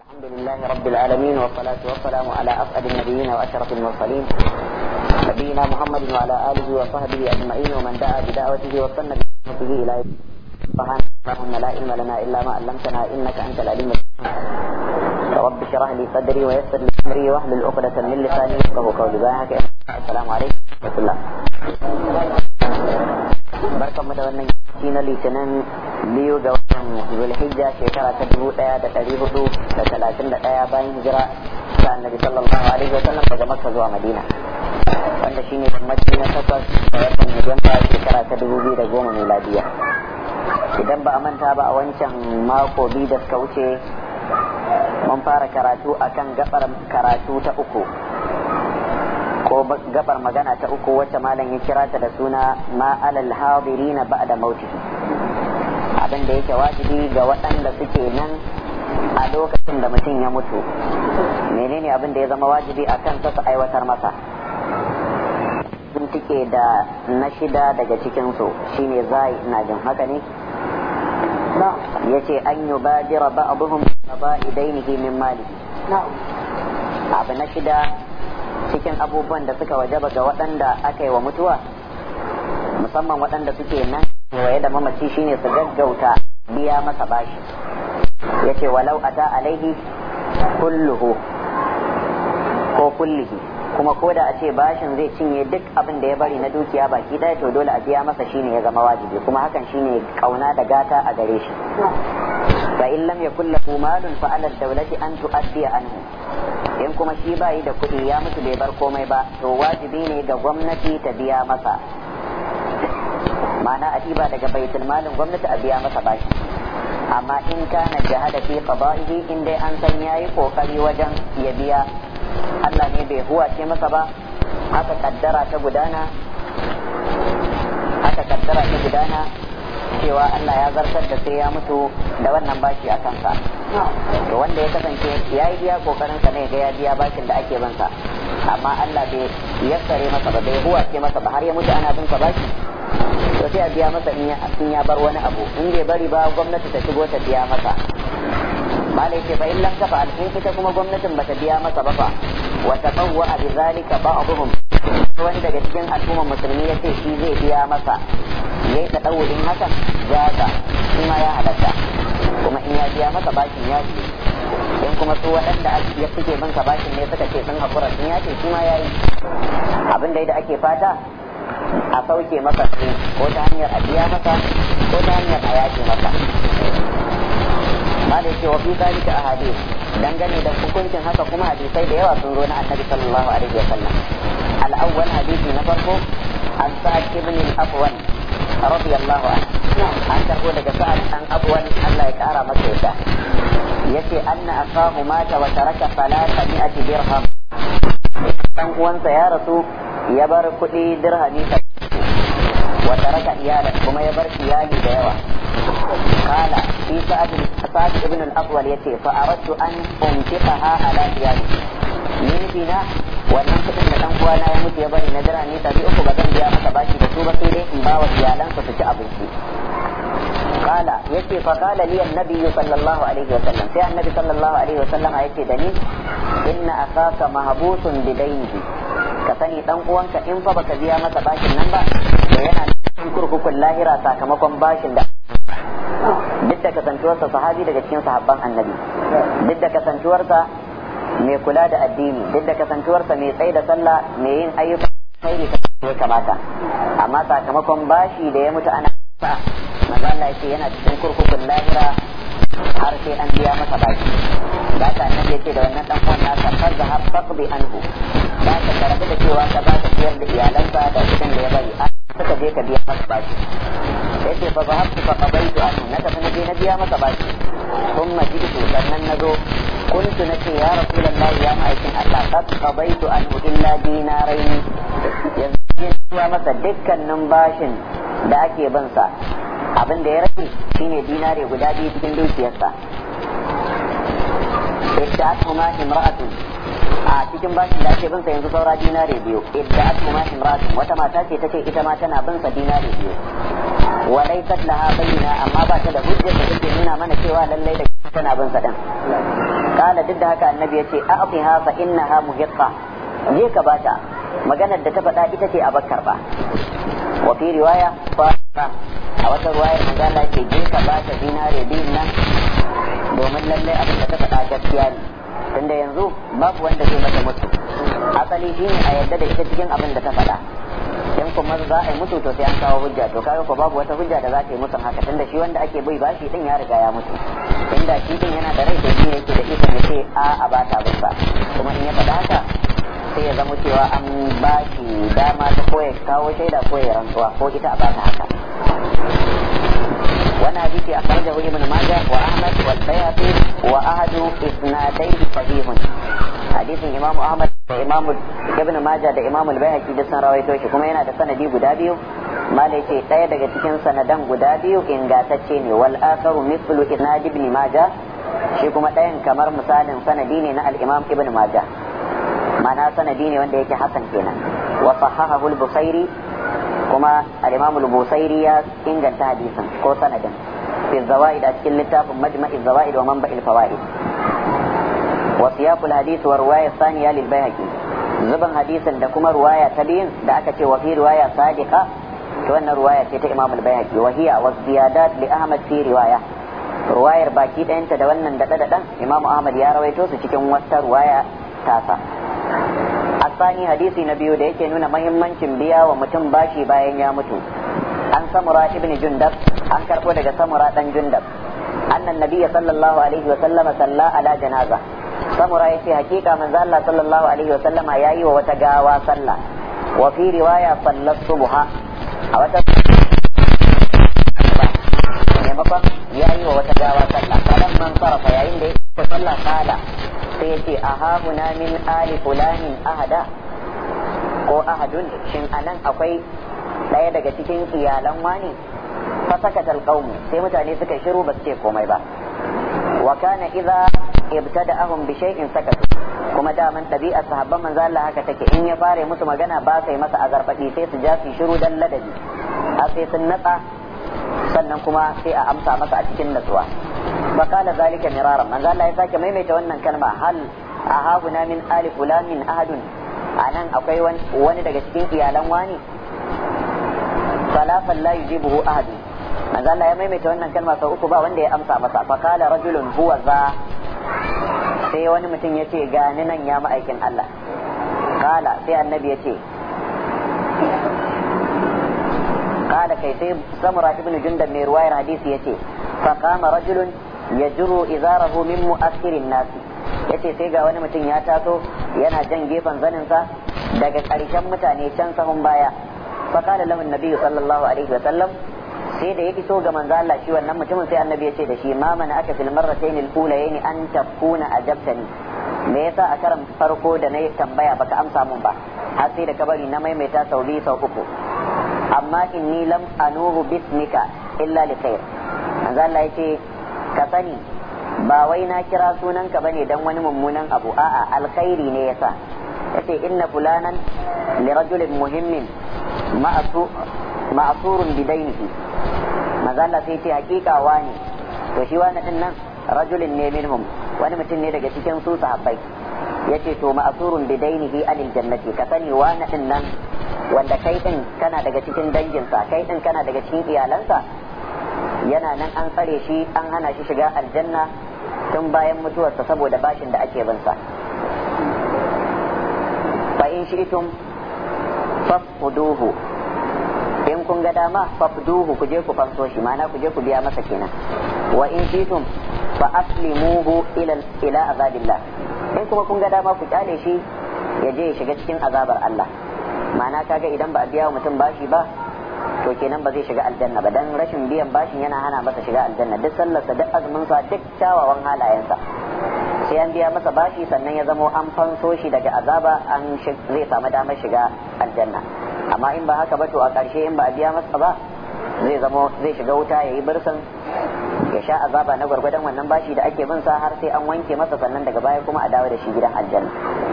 الحمد لله رب العالمين والصلاة والسلام على أسعد النبيين وأشرف المرسلين نبينا محمد وعلى آله وصحبه أجمعين ومن دعا بدعوته وصلنا بحبه إلى يوم اللهم لا علم لنا إلا ما علمتنا إنك أنت العليم رب اشرح لي صدري ويسر لي أمري وحل عقدة من لساني يفقه قولي باهك السلام عليكم ورحمة الله barkanmu da wannan yanki na litinin biyu ga watan zulhijja shekara ta dubu daya da dari hudu da talatin da daya bayan hijira ta annabi sallallahu alaihi wa sallam daga makka zuwa madina wanda shine yammaci na takwas da watan nijanta shekara ta dubu biyu da goma miladiya idan ba a manta ba a wancan mako biyu da suka wuce mun fara karatu akan gabar karatu ta uku ko gabar magana ta uku wacce malam ya kira ta da suna ma alal hadirina ba'da mauti? abin da yake wajibi ga waɗanda suke nan a lokacin da mutum ya mutu menene abin da ya zama wajibi a kan su aiwatar masa sun tike da na shida daga cikinsu shine zai na jin haka ne ya ce an yi jira ba abuhun ba idainihi min mali abu na shida cikin abubuwan da suka wajaba ga waɗanda aka yi wa mutuwa musamman waɗanda suke nan waye da mamaci shine su gaggauta biya masa bashi yace walau ata alaihi kulluhu ko kullihi kuma ko da a ce bashin zai cinye duk abin da ya bari na dukiya baki ɗaya to dole a biya masa shine ya zama wajibi kuma hakan shine kauna da gata a gare shi fa in lam yakul lahu malun fa ala dawlati an tuaddiya anhu in kuma shi bayi da kuɗi ya mutu bai bar komai ba to wajibi ne ga gwamnati ta biya masa ma'ana a ba daga baitul malin gwamnati a biya masa bashi amma in kana jahada fi qada'ihi in dai an san yayi kokari wajen ya biya Allah ne bai huwace masa ba aka kaddara ta gudana aka kaddara ta gudana cewa Allah ya zartar da sai ya mutu da wannan bashi a kansa to wanda ya kasance ya yi biya kokarin sa ne ga ya biya bashin da ake bansa amma Allah bai yassare masa ba bai huwace masa ba har ya mutu ana bin sa bashi to sai a biya masa in ya bar wani abu in bai bari ba gwamnati ta shigo ta biya masa malai ce fa in lam tafa in ita kuma gwamnatin bata biya masa ba fa wa tatawwa bi zalika ba'dhum wani daga cikin al'ummar musulmi yace shi zai biya masa yayi tatawwurin hakan jaza shi ma ya halatta kuma in ya biya masa bakin ya ce in kuma su waɗanda ya suke bin ka bakin ne suka ce sun hakura sun ya ce shi ma ya yi abin da ake fata a sauke masa ko ta hanyar a biya masa ko ta hanyar a yaƙi masa mala yake wa fi zalika ahadith dangane da hukuncin haka kuma hadisai da yawa sun zo a annabi sallallahu alaihi wasallam al-awwal hadisi na farko as-sa'id ibn al-afwan radiyallahu anhu an tafi daga sa'ad an Allah ya kara masa yadda yace anna akahu mata wa taraka salata mi'ati dirham dan uwansa ya rasu ya bar kuɗi dirhami wa raka iyalan kuma ya bar iyali da yawa kala fi sa'ad sa'ad ibn al-aswal yace fa aradtu an umtiqaha ala iyali ni bina wannan kudin da dan na ya mutu ya bari na jira ne tafi uku ba zan biya masa bashi da su ba sai dai in ba wa iyalansa su ci abinci qala yace fa qala li annabi sallallahu alaihi wa sallam sai annabi sallallahu alaihi wa sallam yace da ni inna akaka mahbusun bidainihi ka sani dan uwanka in fa ka biya masa bashin nan ba yana cikin kurkukun lahira sakamakon bashin da duk da kasantuwarsa sahabi daga cikin sahabban annabi duk da kasantuwarsa mai kula da addini duk da kasantuwarsa mai tsaye da sallah mai yin ayyukan alkhairi ya kamata amma sakamakon bashi da ya mutu ana ba manzo Allah yake yana cikin kurkukun lahira har sai an biya masa baki ba ta nan yake da wannan dan uwan nasa farza har faqbi anhu ba ta karabi da cewa ka ba ta ciyar da iyalansa da kudin da ya bari a suka je ka biya masa baki sai ce fa ba hakku fa qabaitu anhu na tafi na je na biya masa baki kuma jitu sannan na zo قلت لك يا رسول الله يا معيش الله قد قضيت أنه إلا دينارين ya masa dukkanin bashin da ake bansa abin da ya rage shine dinare guda biyu cikin dukiyarsa idda atu ma imra'atun a cikin bashin da ake bansa yanzu saura dinare biyu idda atu ma imra'atun wata mata ce ce ita ma tana bansa dinare biyu wa laysat laha bayyina amma ba ta da hujja da take nuna mana cewa lallai da tana bansa din kala duk da haka annabi ya yace a'tiha fa innaha muhiqqa je ka bata maganar da ta faɗa ita ce a bakar ba wa riwaya ba a wata riwaya magana ce je ka bata dinare biyun nan domin lallai abin da ta faɗa gaskiya ne tunda yanzu babu wanda zai mata mutu asali ne a yarda da ita cikin abin da ta faɗa in kuma za a yi mutu to sai an kawo hujja to kaga ko babu wata hujja da za ta yi musu haka tunda shi wanda ake bai bashi din ya riga ya mutu inda shi din yana da rai da shi yake da ita ne sai a a ba ta kuma in ya faɗa haka sai ya zama cewa an ba shi dama ta koya kawo shaida ko ya rantsuwa ko ita a bata haka وانا حديث اخرجه ابن ماجه واحمد da fahimun اسناديه imamu ahmad da imamu امام maja da imamu da san rawaito shi kuma yana da sanadi guda biyu malai ce daya daga cikin sanadan guda biyu ingantacce ne wal akharu mithlu isnad ibn maja shi kuma dayan kamar misalin sanadi ne na al ibn maja ma'ana sanadi ne wanda yake hasan kenan wa sahahahu al-busairi kuma al-imam al-busairi ya inganta hadisin ko sanadin fi zawaid a cikin littafin majma'i zawaid wa manba'il fawaid wa siyaqul hadith wa riwaya thaniya lil bayhaqi zuban hadisin da kuma riwaya ta da aka ce wa fi riwaya sadiqa to wannan riwaya ce ta imam al-bayhaqi wa hiya wa ziyadat li ahmad fi riwaya ruwayar baki ɗayanta da wannan daɗa daɗen imamu ahmad ya rawaito su cikin wata ruwaya tasa asani hadisi na biyu da yake nuna mahimmancin biya wa mutum bashi bayan ya mutu an samura ibn jundab an karbo daga samura dan jundab annan nabiyya sallallahu alaihi wa sallama salla ala janaza samura ya ce hakika manzo Allah sallallahu alaihi wa sallama yayi wa wata gawa sallah wa fi riwaya sallat subha a wata maimakon yayi wa wata gawa sallah falan man sarafa yayin da sallah kala sai ya ce a hahuna min ali fulanin ahada ko ahadun shin anan akwai ɗaya daga cikin iyalan wani fa sakata sai mutane suka shiru ba su ce komai ba wa kana idza ibtada'ahum bi shay'in sakatu kuma daman ɗabi'a sahabban manzo Allah haka take in ya fara musu magana ba sai masa azarfadi sai su ja su shiru dan ladabi a sai sun natsa sannan kuma sai a amsa masa a cikin natsuwa فقال ذلك مرارا من قال لا يساك ميميت وانا كلمة هل أهابنا من آل فلان من أهد أنا أكوي وانا دقشتين يا واني فلا فلا يجيبه أهد من قال لا يميميت وانا كلمة سأكبا واني أمسى مسا فقال رجل هو ذا sai wani mutum ya ce gani nan ya ma'aikin Allah kala sai annabi ya ce kala kai sai samura ibn jundan mai ruwayar hadisi ya ce فقام رجل يجر إزاره من مؤخر الناس yace sai ga wani mutum ya taso yana jan gefen zaninsa daga ƙarshen mutane can sahun baya faƙalar lamun nabi sallallahu alaihi wa sallam sai da ya iso ga manzo Allah shi wannan mutumin sai annabi ya ce da shi ma man aka fil marratayn al ulayni an takuna ajabtani me yasa a karan farko da na tambaya baka amsa mun ba har sai da kabari na maimaita sau biyu sau uku amma inni lam anuhu bismika illa li khair manzo Allah ce ka sani ba wai na kira sunan ka bane dan wani mummunan abu a'a alkhairi ne yasa yace inna fulanan li rajulin muhimmin ma'asurun bidainihi manzo Allah sai ce hakika wani to shi wani din nan rajulin ne minhum wani mutum ne daga cikin su sahabbai yace to ma'asurun bidainihi anil jannati ka sani wani din nan wanda kai din kana daga cikin danginsa kai din kana daga cikin iyalansa yana nan an tsare shi an hana shi shiga aljanna tun bayan mutuwarsa saboda bashin da ake binsa fa in shi'tum fafuduhu in kun ga dama fafuduhu ku je ku fanso shi ma'ana ku je ku biya masa kenan wa in shi shi'tum fa aslimuhu ila ila azabillah in kuma kun ga dama ku kyale shi ya je ya shiga cikin azabar Allah ma'ana kaga idan ba a biya mutum bashi ba to kenan ba zai shiga aljanna ba dan rashin biyan bashin yana hana masa shiga aljanna duk sallarsa duk azumin sa duk kyawawan halayensa sai an biya masa bashi sannan ya zamo an fanso shi daga azaba an zai samu damar shiga aljanna amma in ba haka ba to a ƙarshe in ba a biya masa ba zai zamo zai shiga wuta ya yi bursan ya sha azaba na gwargwadon wannan bashi da ake bin sa har sai an wanke masa sannan daga baya kuma a dawo da shi gidan aljanna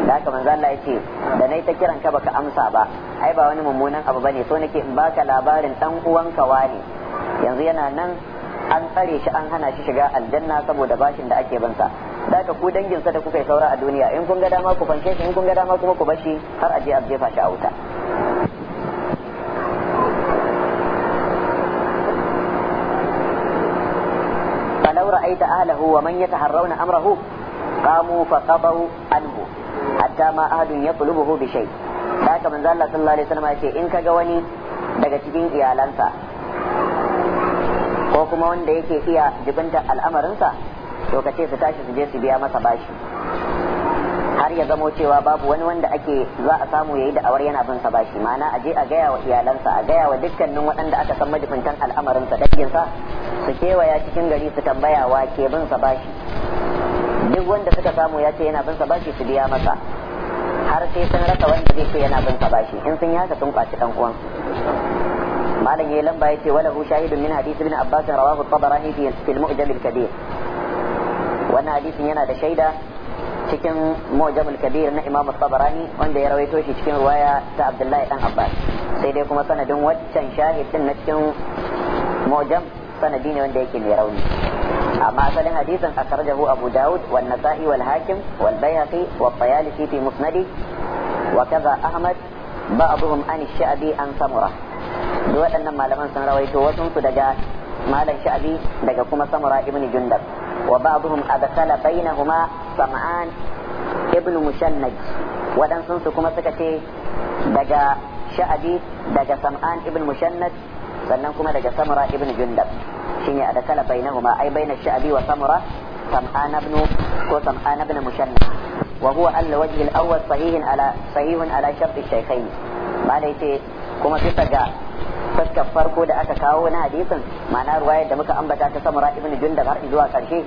da haka manzo Allah yake da nayi ta kiran ka baka amsa ba ai ba wani mummunan abu bane so nake in baka labarin dan uwanka wani yanzu yana nan an tsare shi an hana shi shiga aljanna saboda bashin da ake bin sa da haka ku danginsa da kuka yi saura a duniya in kun ga dama ku fanke shi in kun ga dama kuma ku bashi har a je a jefa shi a wuta رأيت أهله ومن يتحرون أمره قاموا فقضوا عنه حتى ما أحد يطلبه بشيء ذاك من ذلك صلى الله عليه وسلم يقول إن كجواني daga cikin iyalansa ko kuma wanda yake iya jibinta al'amarinsa to ka ce su tashi su je su biya masa bashi har ya zamo cewa babu wani wanda ake za a samu yayi da awar yana bin sa bashi ma'ana a je a gaya wa iyalansa a gaya wa dukkanin waɗanda aka san majifintan al'amarin sa dangin sa su kewaya cikin gari su tambaya wa ke bin sa bashi duk wanda suka samu ya ce yana bin sa bashi su biya masa har sai sun rasa wanda zai ce yana bin sa bashi in sun yaka sun kwaci dan uwan malam yayi lamba yace wala hu shahidun min hadith ibn abbas rawahu at-tabarani fi al-mu'jam al-kabir wannan hadisin yana da shaida cikin mujamul kabir na imam tabarani wanda ya rawaito shi cikin ruwaya ta abdullahi dan abbas sai dai kuma sanadin waccan shahid din na cikin Mojam sanadi ne wanda yake mai rauni amma asalin hadisin akarjahu abu daud wal nasa'i wal hakim wal bayhaqi wal tayalisi fi musnadi wa kaza ahmad ba'dhum an shabi an samura duk waɗannan malaman sun rawaito wasu su daga malam sha'bi daga kuma samura ibn jundab wa ba'dhum adkhala bainahuma sam'an ibn mushannaj waɗansu su kuma suka ce daga sha'abi daga sam'an ibn mushannaj sannan kuma daga samura ibn jundab shine a dakala bainahuma ai na sha'abi wa samura sam'an ibn ko sam'an ibn mushannaj wa huwa alla wajhi al-awwal sahihin ala sahihun ala shart al-shaykhayn malai ce kuma bisa ga fuskar farko da aka kawo na hadisin ma'ana ruwayar da muka ambata ta samura ibn jundab har zuwa karshe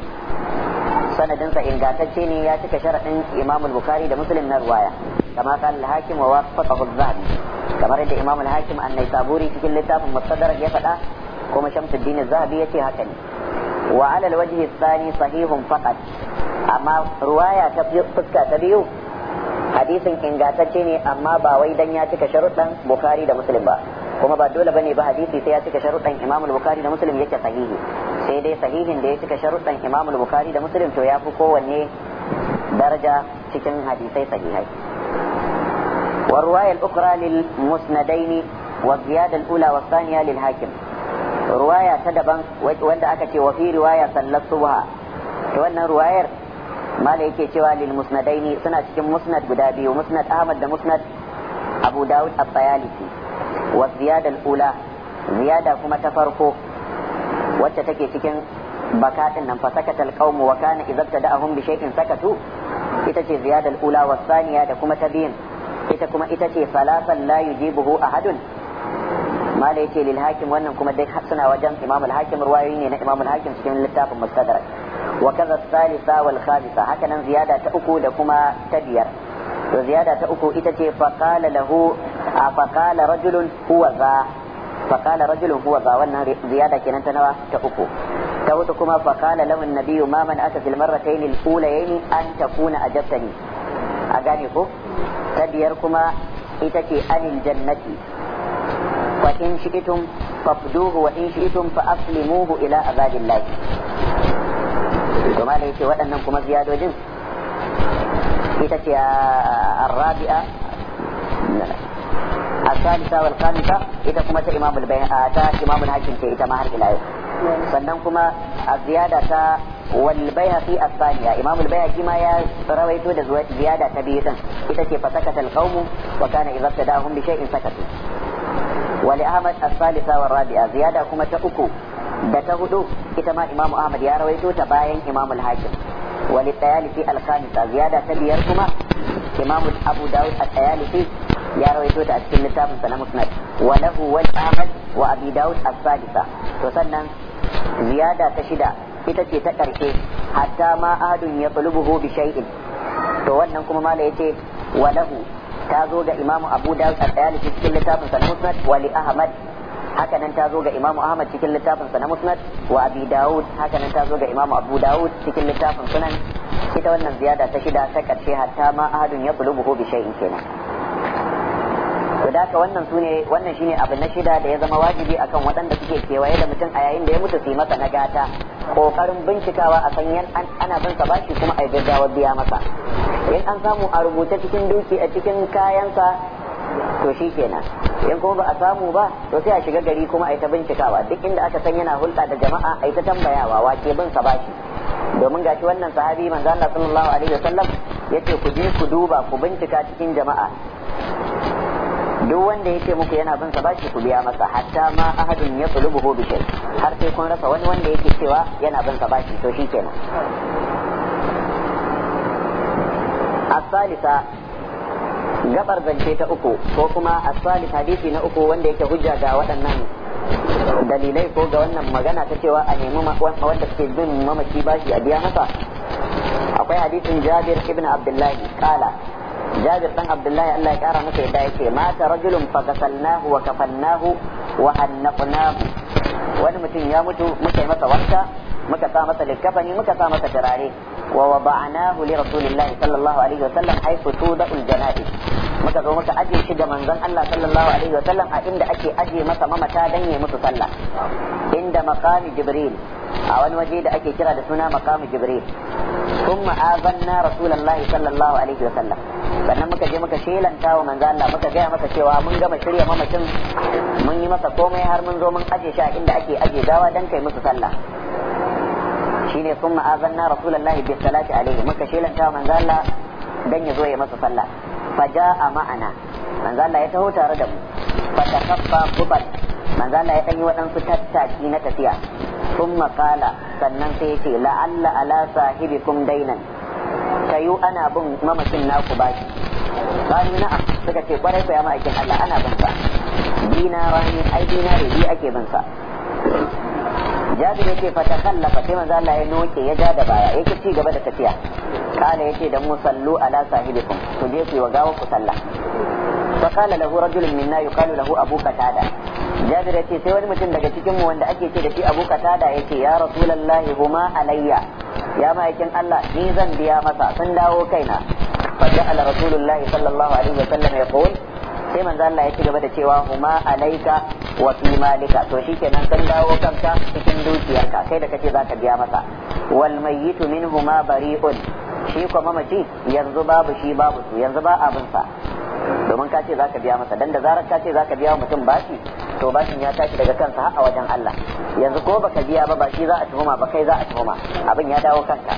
sanadinsa ingantacce ne ya cika sharaɗin imamul bukari da muslim na ruwaya kama kan al-hakim wa wafaqahu az kamar yadda imam al-hakim an-naisaburi cikin littafin mustadrak ya faɗa kuma shamsuddin az-zahabi yace haka ne wa ala al-wajhi sahihun faqat amma ruwaya ta fuska ta biyu hadisin ingantacce ne amma ba wai dan ya cika sharuɗan bukari da muslim ba kuma ba dole bane ba hadisi sai ya cika sharuɗan Imam al-Bukhari da Muslim yake sahihi sai dai sahihin da ya cika sharuɗan Imam al-Bukhari da Muslim to ya fi kowanne daraja cikin hadisai sahihai wanda aka ce wa الأولى والثانية للحاكم رواية تدبا وانت أكتي وفي رواية cewa وانا رواية ما ليكي توا للمسندين سنة مسند قدابي ومسند أحمد مسند أبو داود الطيالسي wa ziyadal ula ziyada kuma ta farko wacce take cikin bakatin nan fa sakatal qaum wa kana idza tada'ahum bi shay'in sakatu ita ce ziyadal ula wa saniya da kuma ta biyin ita kuma ita ce salasan la yujibuhu ahadun mala yace lil hakim wannan kuma dai suna wajen imam al hakim ruwayoyi ne na imam al hakim cikin littafin mustadrak wa kaza salisa wal khamisa hakanan ziyada ta uku da kuma ta biyar to ziyada ta uku ita ce faqala a faqala rajulun huwa za rajulun huwa wannan ziyada kenan ta nawa ta uku ta wata kuma faqala lahu an-nabiy ma man ata fil marratayn al-ulayayn an takuna ajabtani a gane ko ta biyar kuma ita ce anil jannati wa fafduhu ila to ce waɗannan kuma ziyadojin ita ce الرابعة wa والخامسة ita kuma ta imam ta imamul hakim ce ita ma har ila yau sannan kuma a eh, ziyada ta wal bayhaqi athaniya imam al bayhaqi ma ya rawaito da ziyada ta biyu din ita ce fa sakata al qawmu wa kana idza tadahum bi shay'in sakatu wa li ahmad athalitha wa rabi'a ziyada kuma ta uku da ta hudu ita ma imamu ahmad ya rawaito ta bayan imamul al hakim وللطيالسي الخامسة زيادة تبير كما إمام أبو داود الطيالسي يا رويتو تأسكين لتاب سنة مسند وله والآمد وأبي To sannan وسنن ta shida ita ce ta ƙarshe hatta ma ahadun ya tulubuhu bi shay'in to wannan kuma mala yace walahu ta zo ga imamu abu dawud al-dayalisi cikin littafin sa musnad wa li ahmad haka nan ta zo ga Imam Ahmad cikin littafin sa na Musnad wa Abi Dawud haka nan ta zo ga Imam Abu Dawud cikin littafin Sunan ita wannan ziyada ta shida ta karshe hatta ma ahadun ya ko bi shay'in kenan to da ka wannan sune wannan shine abu na shida da ya zama wajibi akan waɗanda suke kewaye da mutum a yayin da ya mutu sai masa na gata. kokarin bincikawa a san yan ana bin sa bashi kuma a gaggawa biya masa in an samu a rubuta cikin duki a cikin kayansa to shi kenan in kuma ba a samu ba to sai a shiga gari kuma a yi ta bincikawa duk inda aka san yana hulɗa da jama'a a yi ta tambayawa wace bin sa bashi domin gashi wannan sahabi manzo Allah sallallahu alaihi wasallam yace ku je ku duba ku bincika cikin jama'a duk wanda yake muku yana bin sa bashi ku biya masa hatta ma ahadun ya hu bi har sai kun rasa wani wanda yake cewa yana bin sa bashi to shi shikenan الثالثة gabar zance ta uku ko kuma asali hadisi na uku wanda yake hujja ga waɗannan dalilai ko ga wannan magana ta cewa a nemi wanda suke bin mamaci bashi a biya masa akwai hadisin jabir ibn abdullahi kala jabir dan abdullahi Allah ya kara masa yadda yake mata rajulun fa kasalnahu wa kafannahu wa annaqnahu wani mutum ya mutu muka yi masa wanka muka sa masa likafani muka sa masa turare wa wa ba'ana hu li rasulillah sallallahu alaihi wa sallam haythu tuda'ul janaiz muka zo muka aje shi ga manzon Allah sallallahu alaihi wa sallam a inda ake aje masa mamata dan yayi musu sallah inda maqami jibril a wani waje da ake kira da suna makamu jibril kuma azanna rasulullahi sallallahu alaihi wa wasallam sannan muka je muka shelanta wa manzo Allah muka gaya masa cewa mun gama shirya mamacin mun yi masa komai har mun zo mun aje shi a inda ake aje gawa dan kai musu sallah shine summa azanna rasulullahi bi salati alaihi muka shelanta manzo Allah dan ya zo ya masa sallah Fa faja'a ma'ana manzo Allah ya taho tare da mu fatakaffa qubal manzo Allah ya dan yi waɗansu tattaki na tafiya summa qala sannan sai ya ce la'alla ala sahibikum dainan tayu ana bin mamakin naku ba shi. bani na suka ce kwarai ko ya ma ma'aikin Allah ana bin sa dinaran ai dinare bi ake bin sa jabir yake fata kallafa sai manzo Allah ya noke ya ja da baya yake ci gaba da tafiya kana yace da musallu ala sahibikum ku je ku gawa ku sallah fa kana lahu rajulun minna yuqalu lahu abu qatada jabir yace sai wani mutum daga cikin mu wanda ake ce da shi abu qatada yace ya rasulullahi huma alayya ya ma'aikin Allah ni zan biya masa sun dawo kaina fa ja'ala rasulullahi sallallahu alaihi wa sallam yaqul sai manzo Allah ya ci gaba da cewa huma alaika wa fi malika to shikenan kan dawo kanka cikin dukiyarka kai da kace zaka biya masa wal mayyitu minhuma bari'un shi ko mamaci yanzu babu shi babu su yanzu ba abin sa domin ka ce zaka biya masa dan da zarar ka ce zaka biya mutum bashi to bashin ya tashi daga kansa har a wajen Allah yanzu ko baka biya ba ba shi za a tuhuma ba kai za a tuhuma abin ya dawo kanka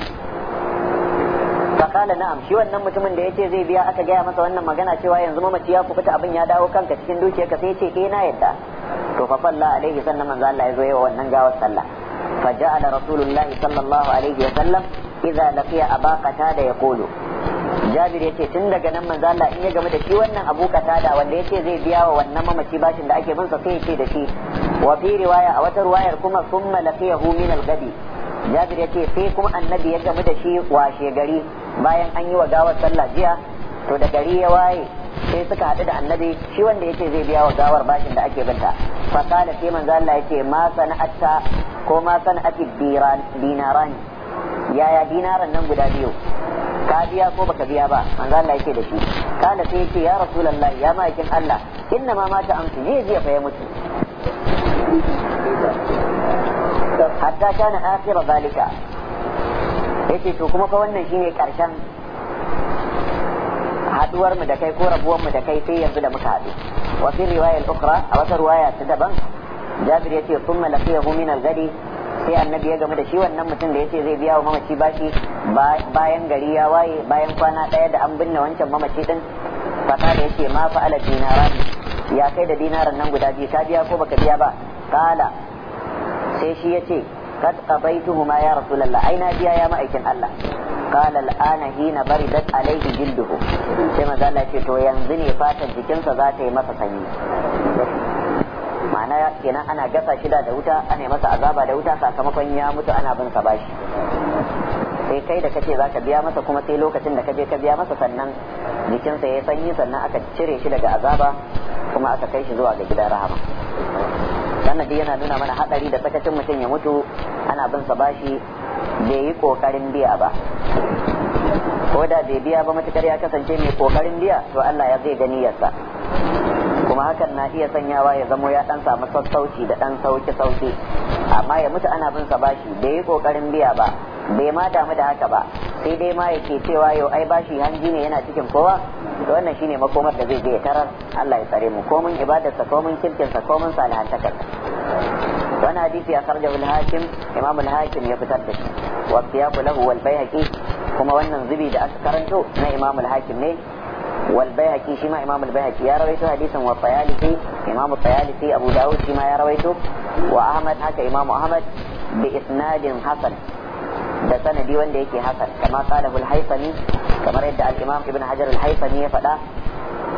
fakala na amshi wannan mutumin da yace zai biya aka gaya masa wannan magana cewa yanzu mamaci ya kubuta abin ya dawo kanka cikin dukiyarka sai yace eh na yadda to fa falla alaihi sannan manzo Allah ya zo yawa wannan gawar sallah fa ja'ala rasulullahi sallallahu alaihi wa sallam idza laqiya aba qatada yaqulu Jabir yace tun daga nan manzo Allah in ya game da shi wannan Abu Qatada wanda yace zai biya wa wannan mamaci bashin da ake bin sa sai yace da shi wa fi riwaya a wata riwayar kuma summa laqiyahu min al-gadi jabir ya ce sai kuma annabi ya gamu da shi washe gari bayan an yi wa gawar sallah jiya to da gari ya waye sai suka haɗu da annabi shi wanda yake zai biya wa gawar bashin da ake binta fa kana sai manzo Allah ce ma sana'atta ko ma sana'ati dinaran yaya dinaran nan guda biyu ka biya ko baka biya ba manzo Allah yake da shi kana sai yace ya rasulullah ya ma'aikin Allah inna ma mata amsu je je fa ya mutu hatta kana akhira zalika yace to kuma fa wannan shine karshen haduwar mu da kai ko rabuwar mu da kai sai yanzu da muka haɗu wa fi riwaya al-ukhra a wata riwaya ta daban Jabir yace thumma laqiyahu min al ghadi sai annabi ya game da shi wannan mutum da yace zai biya wa mamaci bashi bayan gari ya waye bayan kwana daya da an binne wancan mamaci din fata da yace ma fa'ala dinaran ya kai da dinaran nan guda biyu ka biya ko baka biya ba kala sai shi ya ce kad qabaituhuma ya rasulullah ai na biya ya ma'aikin Allah qala al'ana hina baridat alayhi jilduhu sai manzo Allah ce to yanzu ne fatan jikinsa za ta yi masa sanyi ma'ana kenan ana gasa shida da wuta ana yi masa azaba da wuta sakamakon ya mutu ana bin sa bashi sai kai da kace zaka biya masa kuma sai lokacin da kaje ka biya masa sannan jikinsa ya sanyi sannan aka cire shi daga azaba kuma aka kai shi zuwa ga gidan rahama sanadi yana nuna mana haɗari da sakacin mutum ya mutu ana bin sa bashi bai yi kokarin biya ba ko da bai biya ba matukar ya kasance mai kokarin biya to Allah ya zai gani yasa kuma hakan na iya sanyawa ya zamo ya dan samu sassauci da dan sauki sauki amma ya mutu ana bin sa bashi bai yi kokarin biya ba bai ma damu da haka ba sai dai ma yake cewa yau ai bashi hanji ne yana cikin kowa da wannan shine makomar da zai je ya tarar Allah ya tsare mu komin ibadarsa komin kirkinsa komin salihantakar wani hadisi ya sarja hakim imam hakim ya fitar da shi wa siyaku lahu wal baihaqi kuma wannan zubi da aka karanto na imam hakim ne wal baihaqi shi ma imam al ya rawaito hadisin wa tayalisi imam tayalisi abu dawud shi ma ya rawaito wa ahmad haka imam ahmad bi isnadin hasan da sanadi wanda yake hasan kama qala al kamar yadda al imam ibn hajar al haifani ya faɗa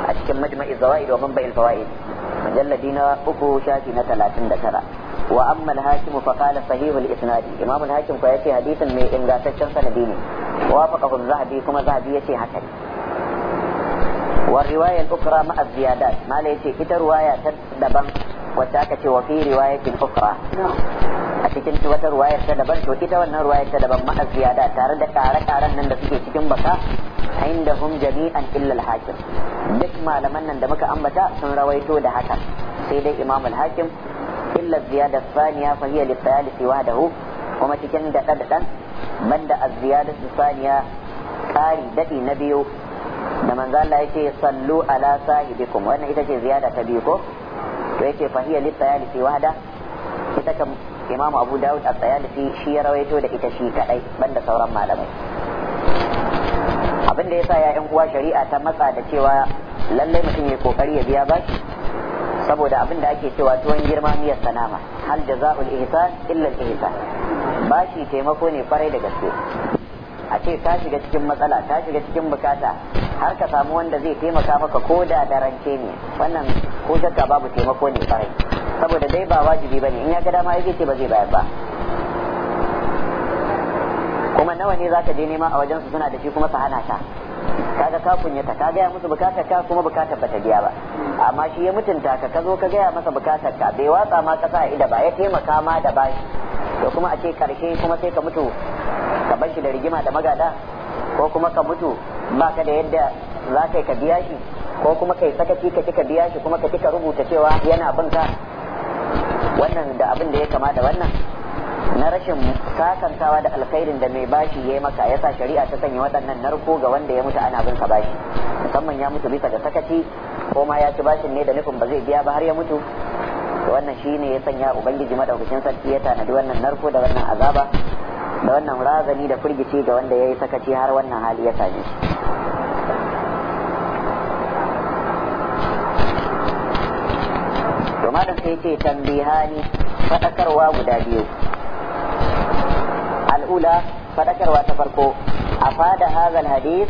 a cikin majma'i zawaid wa manba'il fawaid mujalladi na uku shafi na 39 wa amma al hakim fa qala sahih al imam al hakim ko yace hadisin mai ingantaccen sanadi ne wafaqahu al zahabi kuma zahabi yace ce wa riwaya al ukra ma al ziyadat ce yace ita riwaya ta daban wacce aka ce wa fi riwayatin ukra a cikin wata ruwayar ta daban to ita wannan ruwayar ta daban ma'a ziyada tare da kare-karen nan da suke cikin baka A inda hum jami'an illa al-hakim duk malaman nan da muka ambata sun rawaito da hakan sai dai imam al-hakim illa ziyada saniya fa hiya lis-salisi wahdahu kuma cikin da dadan banda az-ziyada saniya kari dadi na biyu da manzo Allah yake sallu ala sahibikum wannan ita ce ziyada ta biyu ko to yake fahiya ya tayalisi wahda ita kan imam abu daud tsaya da shi ya rawaito da ita shi kadai banda sauran malamai abinda ya sa ya yan uwa shari'a ta matsa da cewa lallai mutum ya kokari ya biya bashi saboda abin da ake cewa tuwon girma miyar sanama hal jaza'ul ihsan illa ihsan bashi taimako ne kwarai da gaske a ce ka shiga cikin matsala ka shiga cikin bukata har ka samu wanda zai taimaka maka ko da da rance ne wannan ko shakka babu taimako ne farai saboda dai ba wajibi bane in ya ga dama yake ce ba zai bayar ba kuma nawa ne zaka je nema a wajen su suna da shi kuma su hana ka kaga ka kunyata ka gaya musu bukatar ka kuma bukatar bata biya ba amma shi ya mutunta ka ka zo ka gaya masa bukatar ka bai watsa ma kasa ida ba ya taimaka ma da bashi to kuma a ce karshe kuma sai ka mutu ka bar shi da rigima da magada ko kuma ka mutu ba ka da yadda za ka yi ka biya shi ko kuma kai sakaci ka kika biya shi kuma ka kika rubuta cewa yana bin ka wannan da abin da ya kama da wannan na rashin sakantawa da alkhairin da mai bashi ya yi maka ya sa shari'a ta sanya waɗannan narko ga wanda ya mutu ana bin ka bashi musamman ya mutu bisa ga sakaci ko ma ya ci bashin ne da nufin ba zai biya ba har ya mutu to wannan ne ya sanya ubangiji madaukakin sarki ya tanadi wannan narko da wannan azaba da wannan razani da firgici ga wanda ya yi sakaci har wannan hali ya same shi to malam sai ce tambihani fadakarwa guda biyu al'ula fadakarwa ta farko a fada hazal hadith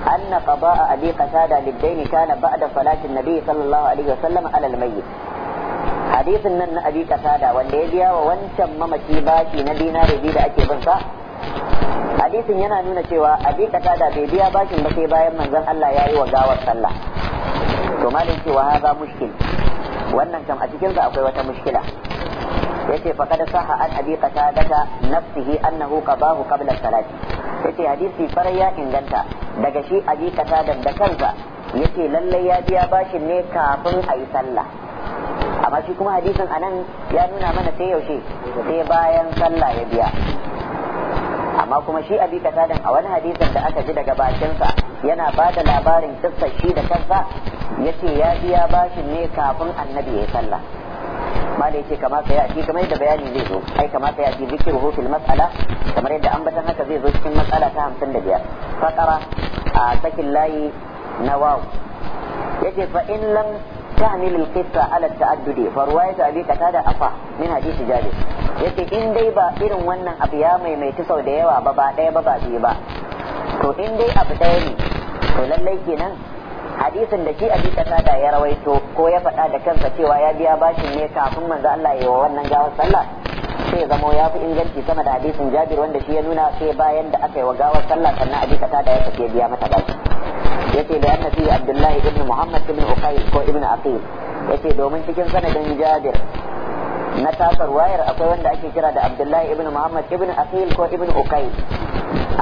أن قضاء أبي قتادة للدين كان بعد صلاة النبي صلى الله عليه وسلم على الميت hadisin nan na abi kasada wanda ya biya wa wancan mamaci baki na dinari biyu da ake bin sa hadisin yana nuna cewa abi kasada bai biya bashin ba sai bayan manzon Allah ya yi wa gawar sallah to malin cewa ga mushkil wannan kam a cikin sa akwai wata mushkila yace kada sahha an abi qatada nafsihi annahu qadahu qabla salati yace hadisi farai ya inganta daga shi abi kasada da kansa yace lallai ya biya bashin ne kafin a yi sallah amma shi kuma hadisin anan ya nuna mana sai yaushe sai bayan sallah ya biya amma kuma shi abi katadan a wani hadisin da aka ji daga bakinsa yana ba da labarin kissar shi da kansa ya ce ya biya bashin ne kafin annabi ya yi sallah malai ce kama ka yaci kamar yadda bayani zai zo ai kama ka yaci zikir hufil mas'ala kamar yadda batan haka zai zo cikin mas'ala ta hamsin da biyar fakara a sakin layi na waw yace fa in lam تحمل القطة على التعدد فرواية أبي قتادة أفا من حديث جابر yace in dai ba irin wannan abu ya maimaiti sau da yawa ba ba ɗaya ba ba biyu ba to in dai abu ɗaya ne to lallai kenan hadisin da shi abi qatada ya rawaito ko ya faɗa da kansa cewa ya biya bashin ne kafin manzo Allah ya yi wa wannan gawar sallah sai zamo ya fi inganci sama da hadisin Jabir wanda shi ya nuna sai bayan da aka yi wa gawar sallah sannan abi da ya tafi biya mata bashi yace da anna fi abdullahi ibn muhammad ibn uqayl ko ibn aqil yace domin cikin sanadin jabir na tasar wayar akwai wanda ake kira da abdullahi ibn muhammad ibn aqil ko ibn uqayl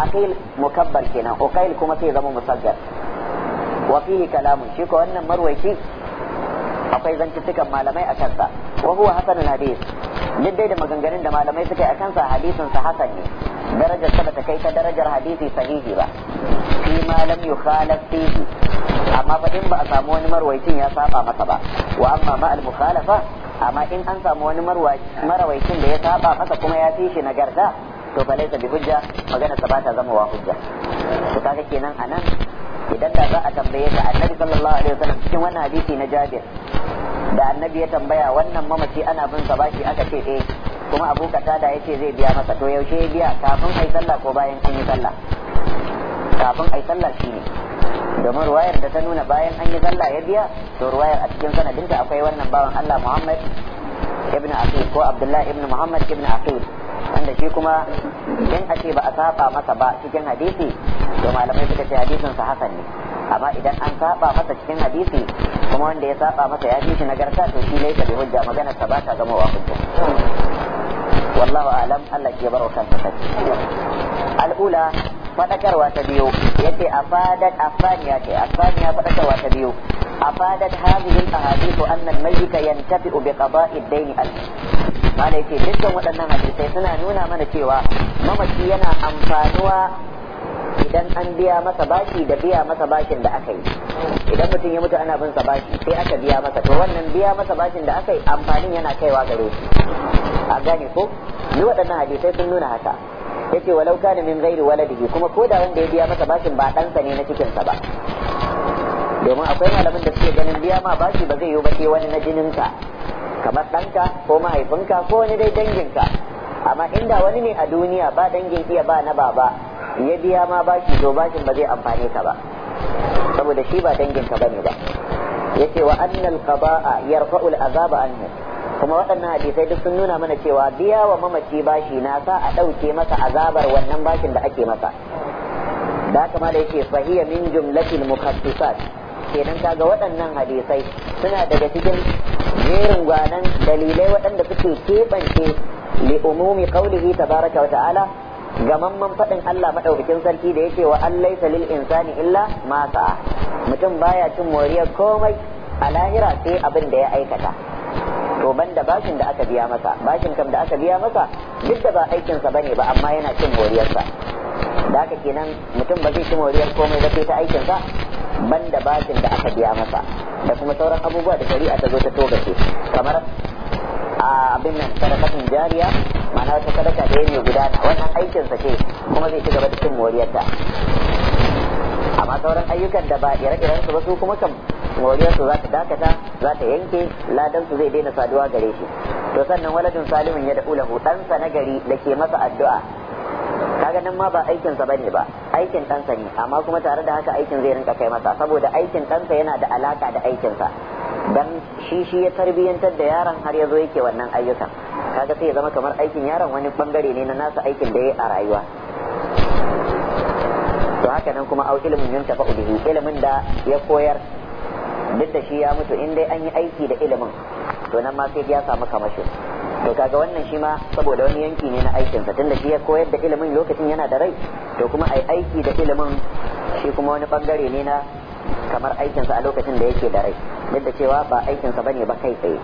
aqil mukabbal kenan uqayl kuma sai zama musaggar wa fihi kalamun shi ko wannan marwayi akwai zantuttukan malamai a kansa wa huwa hasanul hadith duk dai da maganganun da malamai suka yi a kansa hadisin sa hasan ne darajar sa bata kai ta darajar hadisi sahihi ba fi ma lam yukhalaf fihi amma fa in ba a samu wani marwaicin ya saba masa ba wa amma ma al mukhalafa amma in an samu wani marwaicin da ya saba masa kuma ya fi shi nagarta to fa laysa bi hujja magana sa bata zama wa hujja to kaga kenan anan idan da za a tambaye ka annabi sallallahu alaihi wasallam cikin wannan hadisi na Jabir da annabi ya tambaya wannan mamaci ana bin sa bashi aka ce eh kuma abu da ya ce zai biya masa to yaushe ya biya kafin a yi sallah ko bayan sun yi sallah kafin a yi sallah shi ne domin ruwayar da ta nuna bayan an yi sallah ya biya to ruwayar a cikin sanadinta akwai wannan bawan Allah Muhammad ibn aqil ko abdullahi ibn muhammad ibn aqil wanda shi kuma in a ce ba a saba masa ba cikin hadisi to malamai suka ce hadisin sa hasan ne amma idan an saba masa cikin hadisi kuma wanda ya saba masa ya ji shi nagarta to shi laika bi hujja maganar sa ba ta zama wa hujja wallahu alam Allah ke bar kansa sai al'ula fadakarwa ta biyu yace afadat afaniya ce afaniya fadakarwa ta biyu أفادت هذه الأحاديث أن الميت ينتفئ بقضاء الدين أجل ما ليس جدا ودنا Hadisai suna نونا من تيوا mamaci yana أنفانوا idan an biya masa bashi da biya masa bashin da aka yi idan mutum ya mutu ana bin sa bashi sai aka biya masa to wannan biya masa bashin da aka yi amfanin yana kaiwa gare shi a gane ko ni waɗannan hadisai sun nuna haka yace walau kana min ghairi waladihi kuma ko da wanda ya biya masa bashin ba ɗansa ne na cikin sa ba domin akwai malamin da suke ganin biya ma bashi ba zai yi ba sai wani na jinin ka kamar ɗanka ko mahaifinka ko wani dai ka amma inda wani ne a duniya ba dangin iya ba na baba ya biya ma bashi to bashin ba zai amfane ka ba saboda shi ba danginka bane ba yace wa annal qaba'a yarfa'ul azaba anhu kuma waɗannan hadisai duk sun nuna mana cewa biya wa mamaci bashi na sa a ɗauke masa azabar wannan bashin da ake masa da kamar da yake fahiya min jumlatil mukhassisat kenan kaga waɗannan hadisai suna daga cikin jerin gwanan dalilai waɗanda suke keɓance li umumi qaulihi tabaraka wa ta'ala gamamman faɗin Allah maɗaukakin sarki da yake wa allai salil insani illa ma sa'a mutum baya cin moriya komai a lahira sai abin da ya aikata to banda bashin da aka biya masa bashin kam da aka biya masa duk da ba aikinsa bane ba amma yana cin moriyarsa da haka kenan mutum ba zai cin moriyar komai ba sai ta aikin sa. Ban da bashin da aka biya masa da kuma sauran abubuwa da shari'a ta zo ta togace kamar abin nan sadakatin jariya ma'ana wata sadaka da ya gudana wannan aikinsa ce kuma zai ci gaba da cin ta amma sauran ayyukan da ba ire-iren su ba su kuma kan moriyar su za ta dakata za ta yanke ladan su zai daina saduwa gare shi to sannan waladin salimin ya da ulahu ɗansa na gari da ke masa addu'a kaga nan ma ba aikinsa bane ba aikin ɗansa ne amma kuma tare da haka aikin zai rinka kai masa saboda aikin ɗansa yana da alaka da aikinsa dan shi shi ya tarbiyyantar da yaron har ya zo yake wannan ayyukan kaga sai ya zama kamar aikin yaran wani bangare ne na nasa aikin da ya a rayuwa to haka nan kuma au ilimin yin fa ubihi ilimin da ya koyar duk da shi ya mutu in dai an yi aiki da ilimin to nan ma sai ya samu kamashin to kaga wannan shi ma saboda wani yanki ne na aikinsa tunda shi ya koyar da ilimin lokacin yana da rai to kuma ai aiki da ilimin shi kuma wani bangare ne na kamar aikinsa a lokacin da yake da rai duk da cewa ba aikinsa bane ba kai tsaye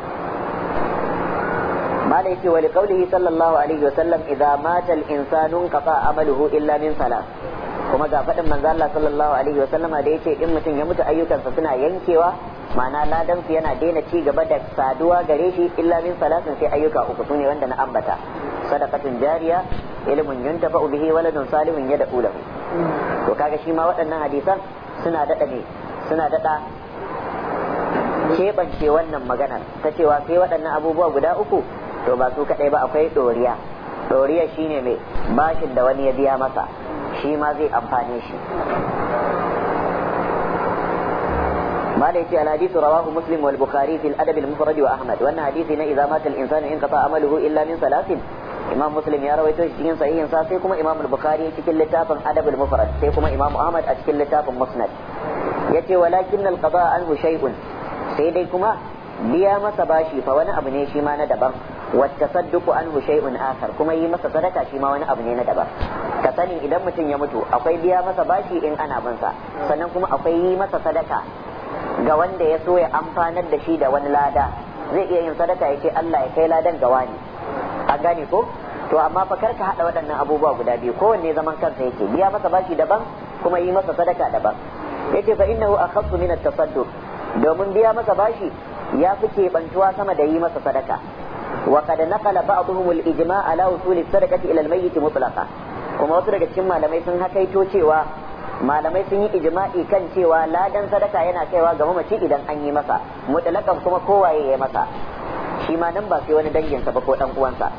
mala yake wa liqaulihi sallallahu alaihi wasallam idza mata al-insanu qata amaluhu illa min salat kuma ga faɗin manzo Allah sallallahu alaihi wa sallama da yace in mutum ya mutu ayyukansa suna yankewa mana ladan su yana daina ci gaba da saduwa gare shi illa min salatin sai ayyuka uku sune wanda na ambata sadaqatun jariya ilmun yuntafa'u bihi waladun salihun yad'u lahu to kaga shi ma waɗannan hadisan suna dada ne suna dada keɓance wannan magana ta cewa sai waɗannan abubuwa guda uku to ba su kaɗai ba akwai ɗoriya ɗoriya shine mai bashin da wani ya biya masa shi ma zai amfane shi قال يتي الحديث رواه مسلم والبخاري في الأدب المفرد وأحمد وأن حديثنا إذا مات الإنسان انقطع عمله إلا من ثلاث إمام مسلم يا رويته شكين صحيح إنسان سيكما إمام البخاري شكل لتاف أدب المفرد سيكما إمام أحمد أشكل لتاف مسند يتي ولكن القضاء عنه شيء سيديكما biya masa bashi fa wani abu ne shi ma na daban والتصدق عنه شيء kuma كما masa sadaka shi ma wani abu ne na daban ka sani idan mutum ya mutu akwai biya masa bashi in ana bin sa sannan kuma akwai yi masa sadaka ga wanda ya so ya amfanar da shi da wani lada zai iya yin sadaka ya ce Allah ya kai ladan ga wani an gane ko to amma fa kar ka haɗa waɗannan abubuwa guda biyu kowanne zaman kansa yake biya masa bashi daban kuma yi masa sadaka daban yace fa innahu akhassu min at-tasadduq domin biya masa bashi ya fi keɓantuwa sama da yi masa sadaka وقد نقل بعضهم الإجماع على وصول الصدقة إلى الميت مطلقا kuma wasu daga cikin malamai sun hakaito cewa malamai sun yi ijma'i kan cewa ladan sadaka yana kaiwa ga mamaci idan an yi masa mutlaqan kuma kowaye ya masa shi ma nan ba sai wani danginsa ba ko dan uwansa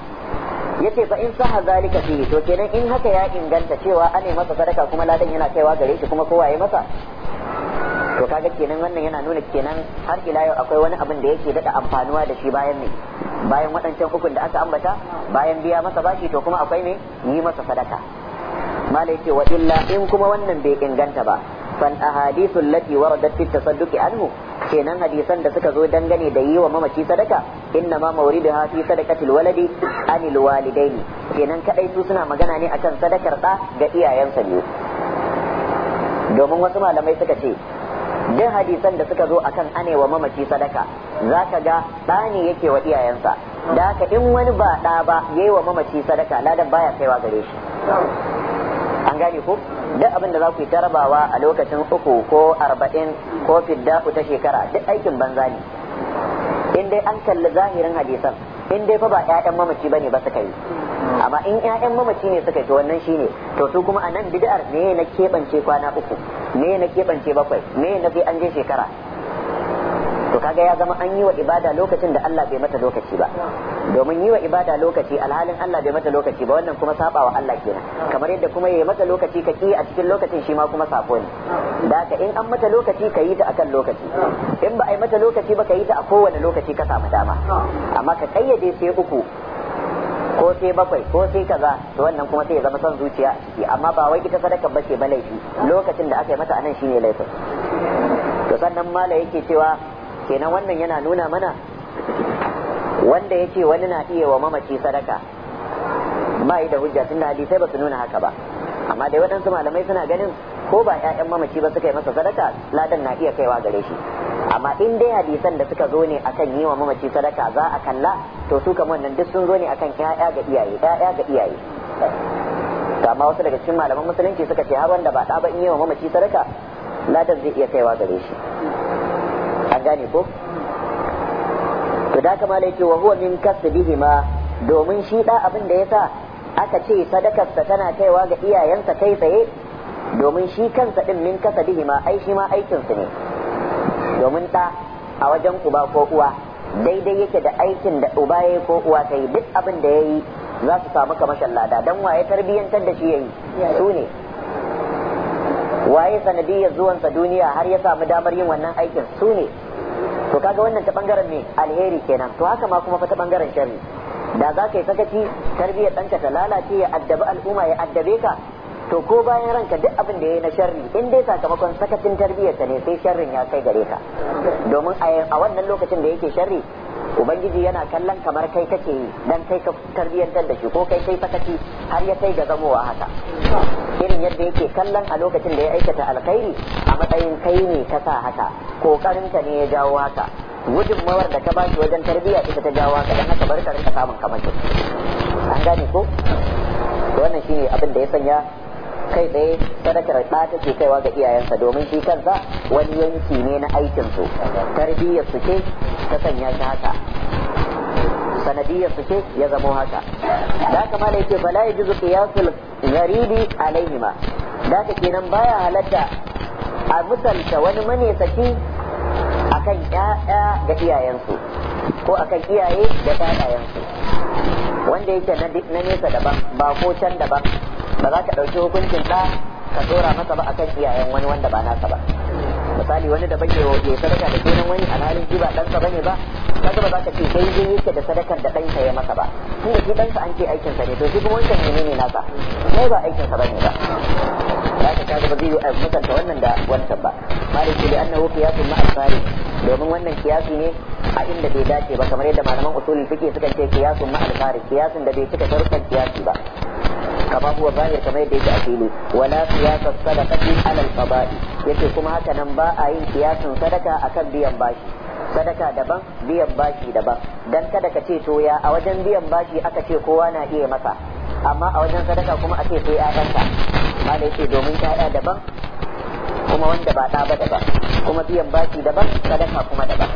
yace fa in saha zalika fi to kenan in haka ya inganta cewa ane masa sadaka kuma ladan yana kaiwa gare shi kuma kowaye masa to kaga kenan wannan yana nuna kenan har ila yau akwai wani abin da yake daɗa amfanuwa da shi bayan ne bayan waɗancan ukun da aka ambata bayan biya masa bashi to kuma akwai ne yi masa sadaka malai ce wa illa in kuma wannan bai inganta ba fal ahadithu allati waradat fi tasadduqi anhu kenan hadisan da suka zo dangane da yi wa mamaci sadaka inna ma mawridaha fi sadaqatil waladi anil walidaini kenan kadai su suna magana ne akan sadakar da ga iyayensa biyu domin wasu malamai suka ce duk hadisan da suka zo akan anewa mamaci sadaka zaka ga ɗani yake wa iyayensa da haka in wani ba ɗa ba yayi wa mamaci sadaka ladan baya kaiwa gare shi an gane ko duk abin da za ku yi tarabawa a lokacin uku ko arba'in ko fidda'u ta shekara duk aikin banza ne in dai an kalli zahirin hadisan in dai fa ba 'ya'yan mamaci bane ba suka yi amma in ƴaƴan mamaci ne suka yi to wannan shine to su kuma anan bid'ar me na kebance kwana uku me na kebance bakwai me na bi an je shekara to kaga ya zama an yi wa ibada lokacin da Allah bai mata lokaci ba domin yi wa ibada lokaci alhalin Allah bai mata lokaci ba wannan kuma saba wa Allah kenan kamar yadda kuma yayi mata lokaci ka ki a cikin lokacin shi ma kuma sako ne da ka in an mata lokaci ka yi ta akan lokaci in ba a yi mata lokaci ba ka yi ta a kowane lokaci ka samu dama amma ka kayyade sai uku ko sai bakwai ko sai kaza to wannan kuma sai ya zama son zuciya a ciki amma ba wai ita sadaka ba ce ba laifi lokacin da aka yi mata anan shine laifin to sannan mala yake cewa kenan wannan yana nuna mana wanda ya ce wani na iya wa mamaci sadaka ba da hujja tun da hadisai ba su nuna haka ba amma dai waɗansu malamai suna ganin ko ba ƴaƴan mamaci ba suka yi masa sadaka ladan na iya kaiwa gare shi amma in dai hadisan da suka zo ne akan yi wa mamaci sadaka za a kalla to su kamar nan duk sun zo ne akan ƴaƴa ga iyaye ƴaƴa ga iyaye to amma wasu daga cikin malaman musulunci suka ce har wanda ba da ba in yi wa mamaci sadaka ladan zai iya kaiwa gare shi an gane ko to da kamar yake wa huwa min kasbihima domin shi da abin da yasa aka ce sadakarsa tana kaiwa ga iyayensa kai tsaye domin shi kansa ɗin min kasadihi ma ai shi ma aikin ne domin ɗa a wajen uba ko uwa daidai yake da aikin da uba yayi ko uwa ta yi duk abin da yayi za su samu kamashin lada dan waye tarbiyyantar da shi yayi su ne waye sanadiyar zuwansa duniya har ya samu damar yin wannan aikin su ne to kaga wannan ta bangaren me alheri kenan to haka ma kuma fa ta bangaren sharri da za ka yi sakaci tarbiyyar ɗanka ta lalace ya addabi al'umma ya addabe ka to ko bayan ranka duk abin da yayi na sharri in dai sakamakon sakacin tarbiyyarsa ne sai sharrin ya kai gare ka domin a wannan lokacin da yake sharri ubangiji yana kallon kamar kai kake yi dan kai ka tarbiyyantar da shi ko kai kai sakaci har ya kai ga zamowa haka irin yadda yake kallon a lokacin da ya aikata alkhairi a matsayin kai ne ka sa haka kokarinka ne ya jawo haka gudunmawar da ka ba shi wajen tarbiyya ita ta jawo haka dan haka bar ka rinka samun kamar an gane ko wannan shine abin da ya sanya kai tsaye sadakar ta ce kaiwa ga iyayensa domin shi kansa wani yanki ne na aikin su tarbiyyar su ce ta sanya shi haka sanadiyar su ce ya zamo haka da haka mala yake bala ya jizu qiyasul gharibi alaihima da haka kenan baya halatta a misalta wani saki. akan ƴaƴa da iyayensu ko akan iyaye da ƴaƴayensu wanda yake na nesa daban ba ko can daban ba za ka ɗauki hukuncin ɗa ka dora masa ba akan iyayen wani wanda ba nasa ba misali wani da bane ya sadaka da sunan wani halin shi ba sa bane ba ga ba za ka ce sai zai yake da sadakar da dan sa ya maka ba tunda shi sa an ce aikinsa ne to shi kuma wannan menene nasa sai ba aikinsa bane ba za ka ga ba a mutan ta wannan da wancan ba malaki da annahu qiyasun ma asari domin wannan kiyasi ne a inda bai dace ba kamar yadda malaman usulul fiqh suka ce kiyasun ma asari kiyasin da bai cika sarkan kiyasi ba kama huwa zahir kamar yadda yake a fili wala qiyasa sadaqati ala al-qada'i yake kuma haka nan ba ba a yin kiyasin sadaka akan biyan bashi sadaka daban biyan bashi daban dan kada ka ce toya a wajen biyan bashi aka ce kowa na iya masa amma a wajen sadaka kuma a ce sai ƴaƴanka da yake domin taya daban kuma wanda ba ta ba daban kuma biyan baki daban sadaka kuma daban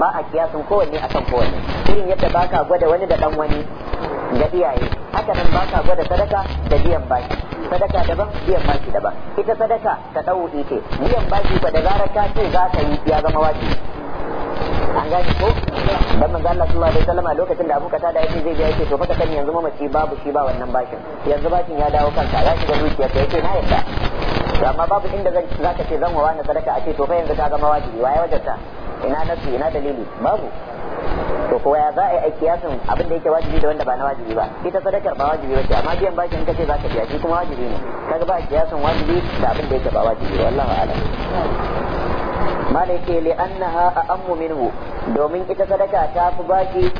ma a kiyasin kowanne akan kowanne irin yadda baka gwada wani da dan wani da iyaye haka nan baka gwada sadaka da biyan baki sadaka daban biyan baki daban ita sadaka ta ɗau ite biyan baki ba da zarar ka ce za ka yi ya zama wajibi an gane ko dan manzo Allah sallallahu alaihi wasallam lokacin da Abu da yake zai je yake to fa kan yanzu mamaci babu shi ba wannan bashin yanzu bashin ya dawo kanka ya shiga zuciya yace na yarda to amma babu inda zan ka ce zan wa wani sadaka a ce to fa yanzu ka zama wajibi waye wajarta ina nasu ina dalili babu to kuwa ya za a yi kiyasin abin da yake wajibi da wanda ba na wajibi ba ita sadakar ba wajibi ba ce amma biyan bashin kace za ka biya shi kuma wajibi ne kaga ba kiyasin wajibi da abin da yake ba wajibi wallahi a'lam malaike li annaha a'ammu minhu domin ita sadaka ta fi baki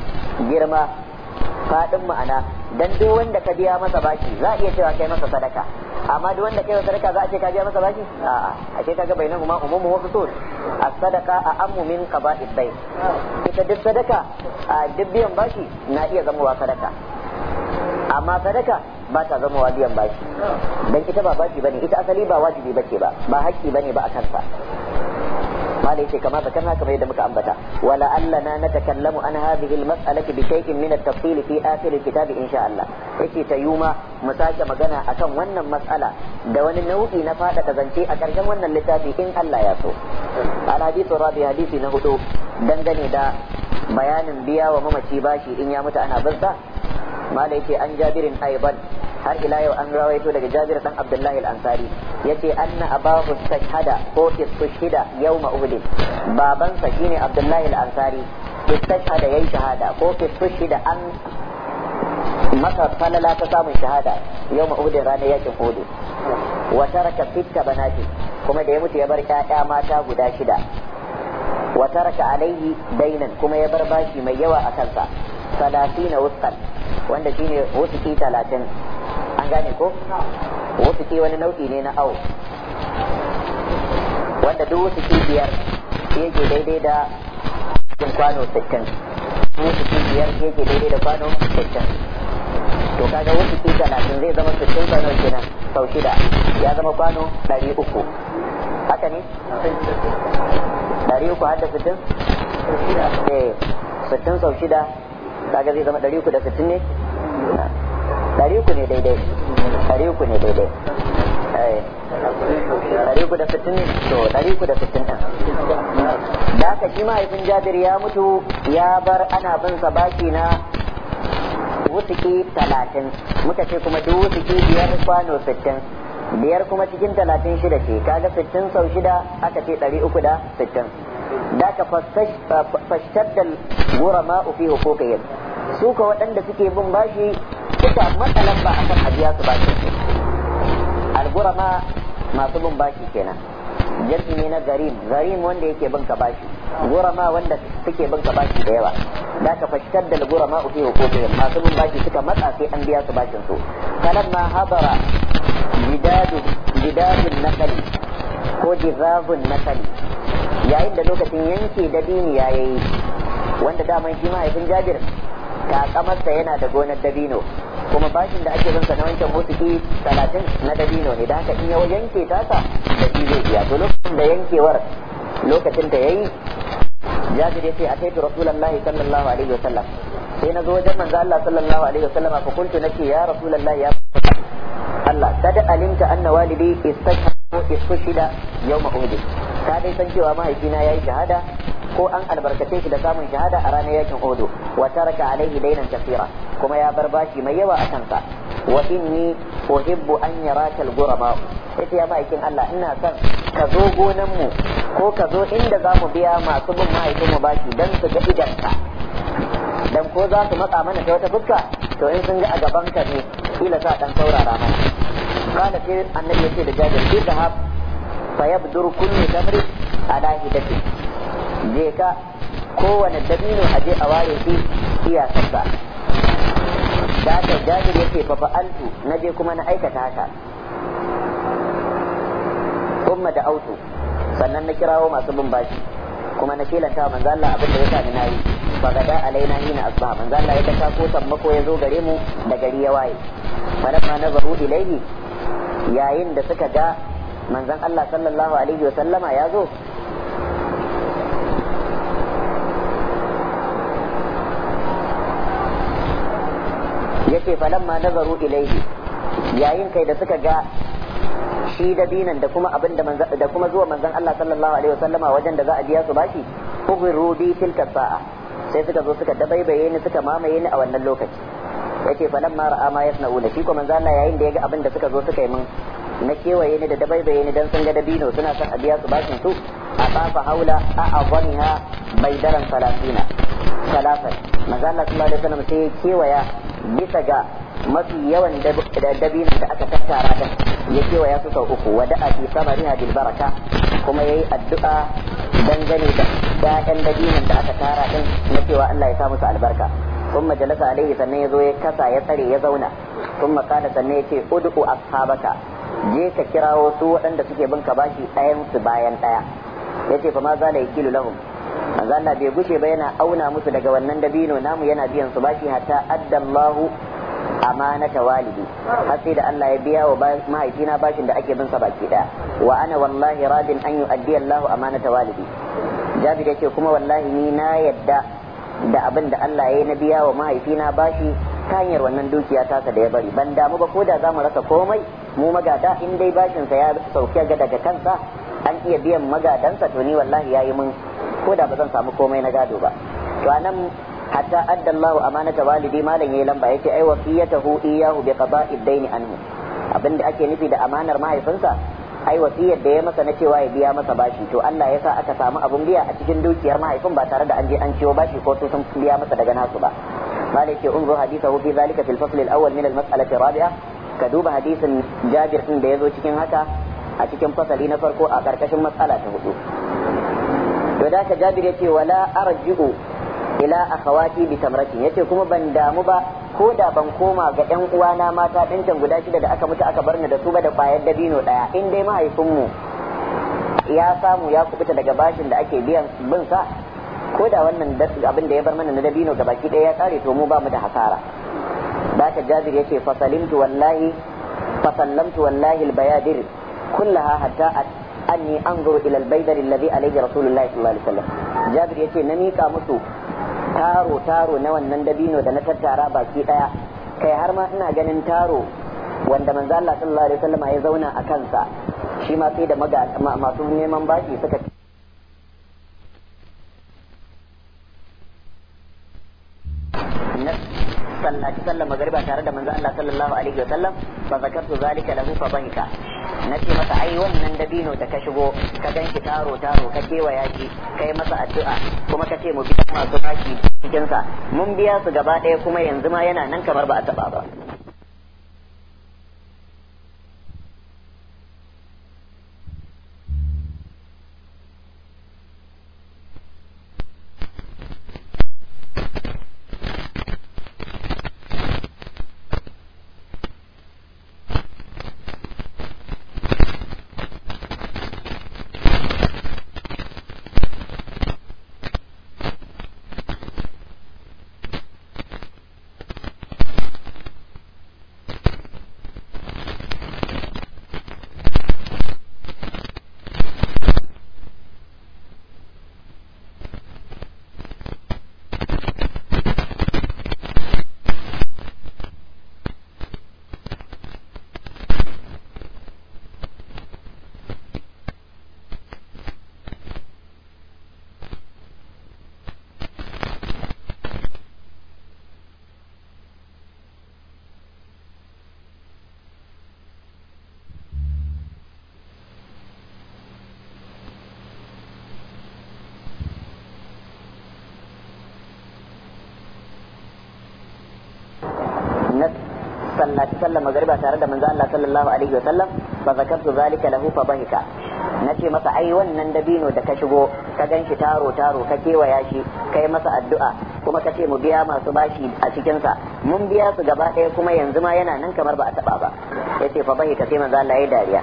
girma fadin ma'ana dan duk wanda ka biya masa baki za a iya cewa kai masa sadaka amma duk wanda kai masa sadaka za a ce ka biya masa baki. a'a a ce kaga bainan kuma umumu wa kusur as sadaka a ammu min qaba'id bayn ita duk sadaka a duk biyan baki na iya zama wa sadaka amma sadaka ba ta zama biyan baki dan ita ba baki bane ita asali ba wajibi bace ba ba haƙƙi bane ba a kansa malai ce kama zakarna kamar yadda muka ambata wala na na an hadhihi almas'alati bi shay'in min at-tafsil fi akhir al-kitab insha Allah yace ta yuma mu sake magana akan wannan mas'ala da wani nau'i na fada kazance a ƙarshen wannan littafi in Allah ya so al hadithu rabi hadisi na hudu dangane da bayanin biya wa mamaci bashi in ya mutu ana bazza mala yace an jabirin aiban har ila yau an rawaito daga jabir dan abdullahi al-ansari yace anna abahu istashhada ko istushhida yawma uhud baban sa shine abdullahi al-ansari istashhada yayi shahada ko istushhida an masa falala ta samun shahada yawma uhud ranar yakin uhud wa taraka fitta banati kuma da ya mutu ya bar ƴaƴa mata guda shida wa taraka alaihi dainan kuma ya bar bashi mai yawa a kansa salatina wusqan wanda shine wusuki talatin an gane ko wusuki wani nau'i ne na au wanda duk wusuki biyar yake daidai da cikin kwano 60 wusuki biyar yake daidai da kwano 60 to kaga wusuki talatin zai zama 60 kwano kenan sau shida ya zama kwano 300 haka ne ɗari uku har da sittin eh sittin sau shida kaga zai zama ɗari uku da sittin ne ɗari uku ne daidai ɗari uku ne daidai eh, ɗari uku da sittin ne to ɗari uku da sittin ɗin da aka shi mahaifin jabir ya mutu ya bar ana bin sa baki na wutuki talatin muka ce kuma duk wutuki biyar kwano sittin biyar kuma cikin talatin shida ce kaga sittin sau shida aka ce ɗari uku da sittin da ka fashtadda gurama fi hukukayin su ka waɗanda suke bin bashi suka matsalan ba a kan ajiya su bashi ma masu bin bashi kenan jirgin ne na garim garim wanda yake bin ka bashi gurama wanda suke bin ka bashi da yawa da ka fashkar da gurama uke hukuki masu bin bashi suka matsa sai an biya su bashin su kalan ma habara jidadun nakali ko jizabun nakali yayin da lokacin yanke dabini ya yi wanda daman shi mahaifin jabir takamarsa yana da gonar dabino kuma bashin da ake zansa na wancan musuki talatin na dabino ne da haka in yawa yanke tasa da shi zai biya to lokacin da yankewar lokacin da ya yi jabir a ataitu rasulullahi sallallahu alaihi wasallam sai na zo wajen manzo Allah sallallahu alaihi wasallam fa kuntu nace ya rasulullahi ya Allah da alimta anna walidi istashhadu istushida yawma uhud ka dai san cewa mahaifina yayi shahada ko an albarkace shi da samun shahada a ranar yakin Uhud wa taraka alaihi dainan kaseera kuma ya bar bashi mai yawa a kansa wa inni uhibbu an yaraka al-ghurama sai ya ma'aikin Allah ina son ka zo gonan mu ko ka zo inda za mu biya masu bin ma'aikin mu bashi dan su ga ka dan ko za su matsa mana ta wata fuska to in sun ga a gaban ka ne kila sa dan saurara mana kana sai annabi ya ce da jabir idhab fayabdur kullu tamri ala hidati je ka kowane dabino a je a ware shi iyakarsa da aka jajir yake fafa altu na je kuma na aikata haka umma da autu sannan na kirawo masu bin bashi kuma na wa manzo abinda ya da ya yi, ba ga da alaina yi na asuba, Allah ya ta ko sammako ya zo gare mu da gari ya waye na zaru ilaihi yayin da suka ga manzan Allah sallallahu alaihi wa ya zo yace falamma nazaru ilaihi yayin kai da suka ga shi da binan da kuma abin da da kuma zuwa manzon Allah sallallahu alaihi wasallama wajen da za a biya su bashi ughru bi tilka sa'a sai suka zo suka dabaibaye ni suka mamaye ni a wannan lokaci yace falamma ra'a ma yasna'una shi kuma manzon Allah yayin da ya ga abin da suka zo suka yi min na kewaye ne da dabaibaye ne dan sun ga dabino suna son a biya su bashin su a fafa haula a azaniha baidaran salatina salafan manzo Allah sallallahu alaihi wasallam sai kewaya bisa ga mafi yawan dabinan da aka tattara da ya kewaya su sau uku wa da'a fi samariha bil baraka kuma yayi addu'a dangane da ƴaƴan dabinan da aka tara din na cewa Allah ya sa musu albarka sannan ثم ya kasa ya tsare ya zauna يزونا ثم sannan سنه يتي ادعو اصحابك je ka kirawo su waɗanda suke bin ka bashi ɗayan bayan ɗaya yace fa ma zala yakilu lahum manzo Allah bai gushe ba yana auna musu daga wannan dabino namu yana biyan su bashi hatta addallahu amanata walidi har sai da Allah ya biya wa mahaifina bashin da ake bin sa baki ɗaya. wa ana wallahi radin an yu'addi Allahu amanata walidi Jabir ce kuma wallahi ni na yadda da abin da Allah ya yi na biya wa mahaifina bashi ta hanyar wannan dukiya tasa da ya bari ban damu ba ko da za mu rasa komai mu magada in dai bashinsa ya sauke ga daga kansa an iya biyan magadansa to ni wallahi ya yi mun ko da ba zan samu komai na gado ba to anan hatta addallahu amanata walidi malam yayi lamba yace ai wasiyatahu iyyahu bi qada'i daini anhu abinda ake nufi da amanar mahaifinsa ai wasiyar da ya masa na cewa ya biya masa bashi to Allah ya sa aka samu abun biya a cikin dukiyar mahaifin ba tare da an je an ciwo bashi ko sun biya masa daga nasu ba مالك انظر حديثه في ذلك في الفصل الاول من المسألة الرابعة كدوب حديث جابر إن بيزو تكين هكا فصل فصلي فرقو اتركش مسألة هدو وذاك جابر يتي ولا أرجع إلى أخواتي بتمرتي يتي كما بندام با ko da ban koma ga ƴan uwana mata ɗincan guda shida da aka mutu aka bar ni da su ba da ƙwayar dabino ɗaya in dai mahaifinmu ya samu ya kubuta daga bashin da ake biyan bin ko da wannan abin da ya bar mana na dabino ga baki ɗaya ya kare to mu ba mu da hasara ba ta jabir ya ce fasalimtu wallahi fasallamtu wallahi albayadir kullaha hatta anni anzuru ila albaydar alladhi alayhi rasulullahi sallallahu alaihi wasallam jabir ya ce na mika musu taro taro na wannan dabino da na tattara baki ɗaya kai har ma ina ganin taro wanda manzo Allah sallallahu alaihi wasallam ya zauna a kansa shi ma sai da masu neman baki suka na sallaci sallar magariba tare da manzo Allah sallallahu alaihi wa sallam fa zakartu zalika lahu fa na nace masa ai wannan dabino da ka shigo ka ganki taro taro ka kewaya yaki kai masa addu'a kuma ka ce mu bi masu baki cikin sa mun biya su gaba ɗaya kuma yanzu ma yana nan kamar ba a taba ba sallaci sallar magariba tare da manzo Allah sallallahu alaihi wa sallam fa zakartu zalika lahu fa bahika nace masa ai wannan dabino da ka shigo ka ganshi taro taro ka kewaya shi kai masa addu'a kuma ka ce mu biya masu bashi a cikin sa mun biya su gaba ɗaya kuma yanzu ma yana nan kamar ba a taba ba yace fa bahika sai manzo Allah ya dariya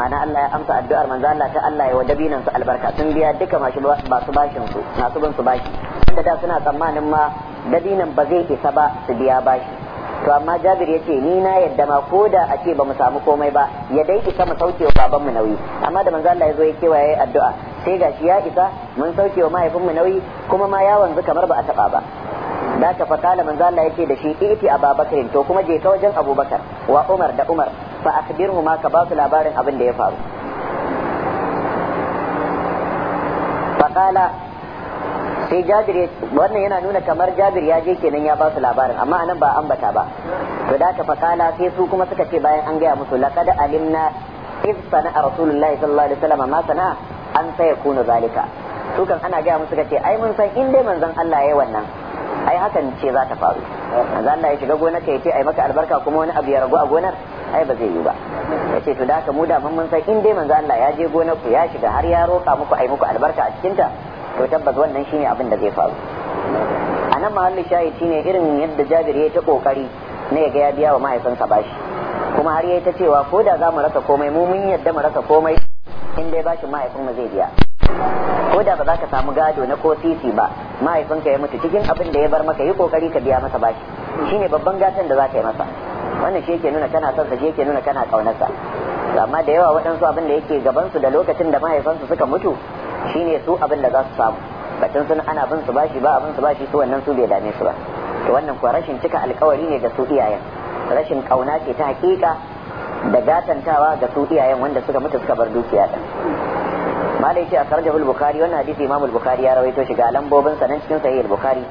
ma'ana Allah ya amsa addu'ar manzo Allah ta Allah ya wada binan su albarka sun biya duka masu masu bashin su masu bin su bashi inda da suna tsammanin ma dabinan ba zai isa ba su biya bashi to amma jabir ce ni na yadda ma ko da a ce ba mu samu komai ba ya dai isa mu sauke wa baban mu nauyi amma da manzo Allah ya zo ya kewaye addu'a sai gashi ya isa mun sauke wa mahaifin mu nauyi kuma ma ya wanzu kamar ba a taba ba da ka fakala manzo Allah yake da shi iti Babakarin to kuma je ka wajen abubakar wa umar da umar fa akhbirhu ma ka ba su labarin abin da ya faru fakala sai jabir wannan yana nuna kamar jabir ya je kenan ya ba su labarin amma anan ba ambata ba to da ka fakala sai su kuma suka ce bayan an gaya musu laqad alimna iz sana'a rasulullahi sallallahu alaihi wasallam ma sana'a an sai kunu zalika su kan ana gaya musu kace ai mun san in dai manzon Allah yayi wannan ai hakan ce za ta faru manzon Allah ya shiga gonar ka yace ai maka albarka kuma wani abu ya ragu a gonar ai ba zai yi ba yace to da mu da mun san in dai manzon Allah ya je gonar ku ya shiga har ya roka muku ai muku albarka a cikin ta to tabbas wannan shine abin da zai faru a nan mahallin shayi shine irin yadda jabir ya yi ta kokari na ga ya biya wa mahaifinsa bashi kuma har ya yi ta cewa ko da za mu rasa komai mu mun yadda mu rasa komai in dai bashin mahaifin zai biya ko da ba za ka samu gado na ko sisi ba mahaifinka ya mutu cikin abin da ya bar maka yi kokari ka biya masa bashi shine babban gatan da za ka yi masa wannan shi yake nuna kana son sa shi yake nuna kana kaunarsa amma da yawa waɗansu abin da yake gabansu da lokacin da mahaifansu suka mutu shine su abin da za su samu batun sun ana bin su bashi ba abin su bashi su wannan su bai dame su ba to wannan kuwa rashin cika alkawari ne ga su iyayen rashin kauna ce ta hakika da gatantawa ga su iyayen wanda suka mutu suka bar dukiya din malai ce a karjahu bukhari wannan hadisi imam bukhari ya rawaito shi ga lambobin sa cikin sahih al-bukhari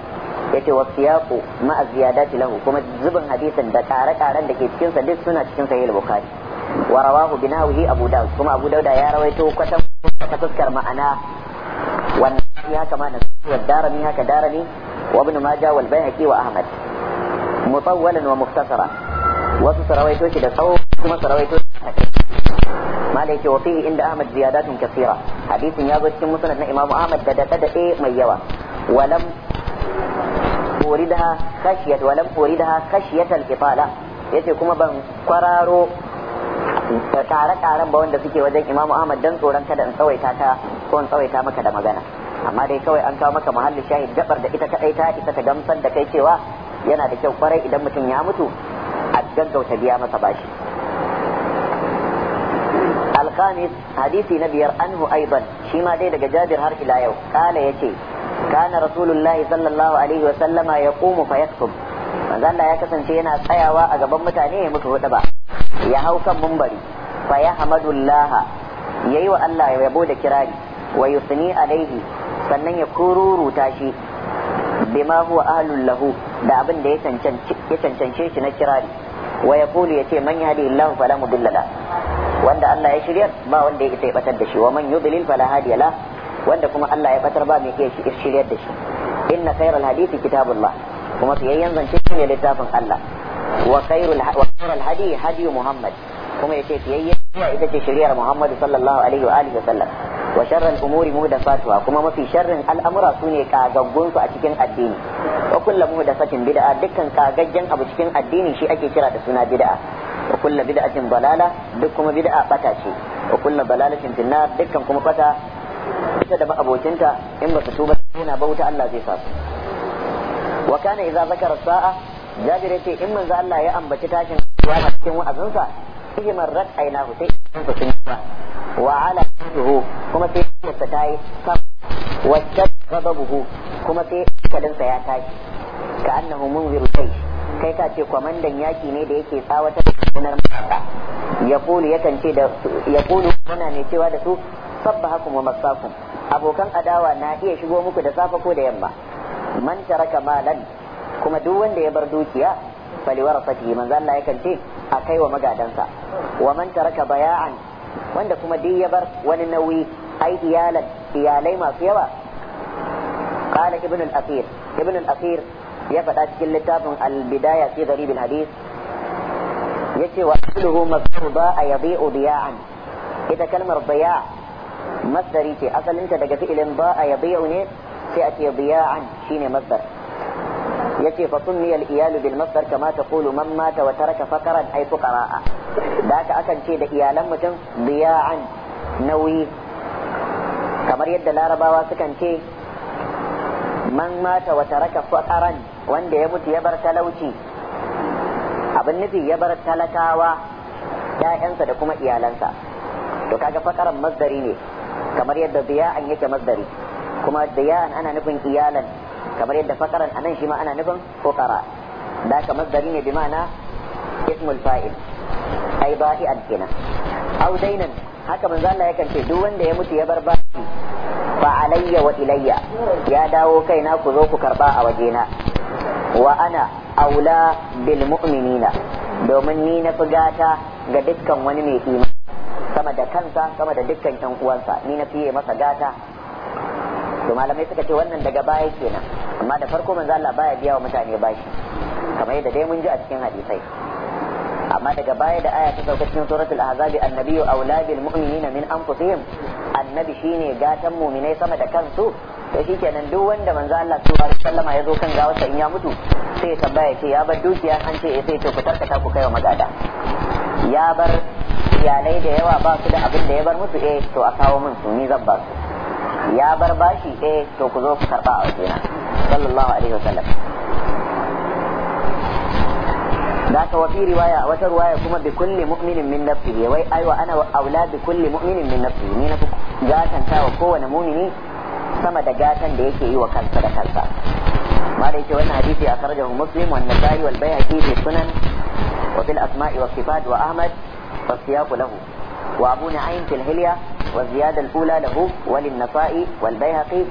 yace wa siyaqu ma aziyadati lahu kuma zubin hadisin da kare-karen da ke cikin sa duk suna cikin sahih al-bukhari wa rawahu binawihi abu daud kuma abu dauda ya rawaito kwatan Ka fuskar ma'ana wannan ya kama da suwar darani haka darani wa ibn majah wal bayhaqi wa ahmad mutawwalan wa muktasara wasu sarawaito shi da tsawo kuma sarawaito malai ce wa fihi inda ahmad ziyadatun kasira hadisin ya zo cikin musnad na imamu ahmad da da da mai yawa walam أريدها خشية ya أريدها خشية الإطالة يتي كما بان قرارو da ƙare-ƙaren ba wanda suke wajen imamu ahmad dan tsoron kada in tsawaita ta ko in tsawaita maka da magana amma dai kawai an kawo maka muhalli shahid gabar da ita kadai ta isa ta gamsar da kai cewa yana da kyau kwarai idan mutum ya mutu a gaggauta biya masa bashi الخامس حديث نبي عنه أيضا شيما دي دقى جابر هر إلى يو قال يتي كان رسول الله صلى الله عليه وسلم يقوم فيكتب manzon Allah ya kasance yana tsayawa a gaban mutane ya mutu hudu ba ya hau kan mumbari fa ya hamadullaha yayi wa Allah yabo da kirari wa yusni alaihi sannan ya kururuta shi bima huwa ahlul lahu da abin da ya cancance shi na kirari wa yaqulu yace man yahdi Allah fala mudilla la wanda Allah ya shirya ba wanda ya sai batar da shi wa man yudlil fala hadiya la wanda kuma Allah ya batar ba mai iya shiryar da shi inna khayral hadisi kitabullah kuma fiyayyen zance ne littafin Allah wa khairul wa khairul hadi hadi Muhammad kuma yace fiyayyen ita ce shari'ar Muhammad sallallahu alaihi wa alihi wasallam wa sharral umuri muhdathatuha kuma mafi sharrin al'amura sune kagaggun su a cikin addini wa kullu muhdathatin bid'a dukkan kagaggen abu cikin addini shi ake kira da suna bid'a wa kullu bid'atin balala duk kuma bid'a bata ce wa kullu balalatin finnar dukkan kuma bata ita da ba abokinta in ba su tuba suna bauta Allah zai sa su wa kana idza zakara sa'a jabir yace in manzo Allah ya ambaci tashin kiyama cikin wa'azinsa yake marrat hu sai in su sun ba wa ala tuhu kuma sai ta tayi ka wa tadabuhu kuma sai sa ya tashi ka annahu munziru sai kai ka ce kwamandan yaki ne da yake tsawatar da sunar mata ya kulu yakan ce da ya kulu muna mai cewa da su sabba hakum wa masakum abokan adawa na iya shigo muku da safe ko da yamma man taraka malan kuma duk wanda ya bar dukiya fali warasati manzo Allah yakan ce a kai wa magadansa wa man taraka baya'an wanda kuma duk ya bar wani nauyi ai iyalan iyalai masu yawa qala ibn al-athir ibn al-athir ya faɗa cikin littafin al-bidaya fi gharib al-hadith yace wa kulluhu masruba yadi'u biya'an ita kalmar baya' masdari ce asalinta daga fi'ilin ba'a yau ne sai a ce biya'an shine masdar yace fa sunniya al-iyal bil masdar kama taqulu man mata wa taraka fakaran ay fuqara'a da haka akan ce da iyalan mutum biya'an nauyi kamar yadda larabawa sukan ce man mata wa taraka faqaran wanda ya mutu ya bar talauci abin nufi ya bar talakawa ƴaƴansa da kuma iyalansa to kaga fakaran masdari ne kamar yadda biya'an yake masdari kuma diya'an ana nufin iyalan kamar yadda fakaran anan shi ma ana nufin fuqara da ka masdari ne bi mana ismul fa'il ai ba'i'an kenan au dainan haka manzo Allah yakan ce duk wanda ya mutu ya bar bashi. fa alayya wa ilayya ya dawo kaina ku zo ku karba a wajena wa ana aula bil mu'minina domin ni na fi gata ga dukkan wani mai imani sama da kansa sama da dukkan yan uwansa ni na fiye masa gata to malamai suka ce wannan daga baya kenan amma da farko manzo Allah baya biya wa mutane bashi kamar yadda dai mun ji a cikin hadisai amma daga baya da aya ta sauka cikin suratul ahzabi annabiyyu aula bil mu'minina min anfusihim annabi shine gatan mu'minai sama da kansu to shikenan duk wanda manzo Allah sallallahu alaihi wasallama ya zo kan gawarsa in ya mutu sai ya tambaya ce ya bar dukiya an ce eh, sai to ku ka ku kai wa magada ya bar iyalai da yawa ba su da abin da ya bar musu eh to a kawo min su ni zan ba su ya bar bashi eh to ku zo ku karba a wajena sallallahu alaihi wasallam da ka wafi riwaya wata riwaya kuma bi kulli mu'minin min nafsihi wai aiwa ana aula bi kulli mu'minin min nafsihi ni na ku gatanta wa kowane mu'mini sama da gatan da yake yi wa kansa da kansa ma da yake wannan hadisi a sarjahu muslim wa nasai wal bayhaqi bi sunan wa bil asma'i wa sifat ahmad wa siyaqu lahu وأبو نعيم في الهلية والزيادة الأولى له وللنسائي والبيهقي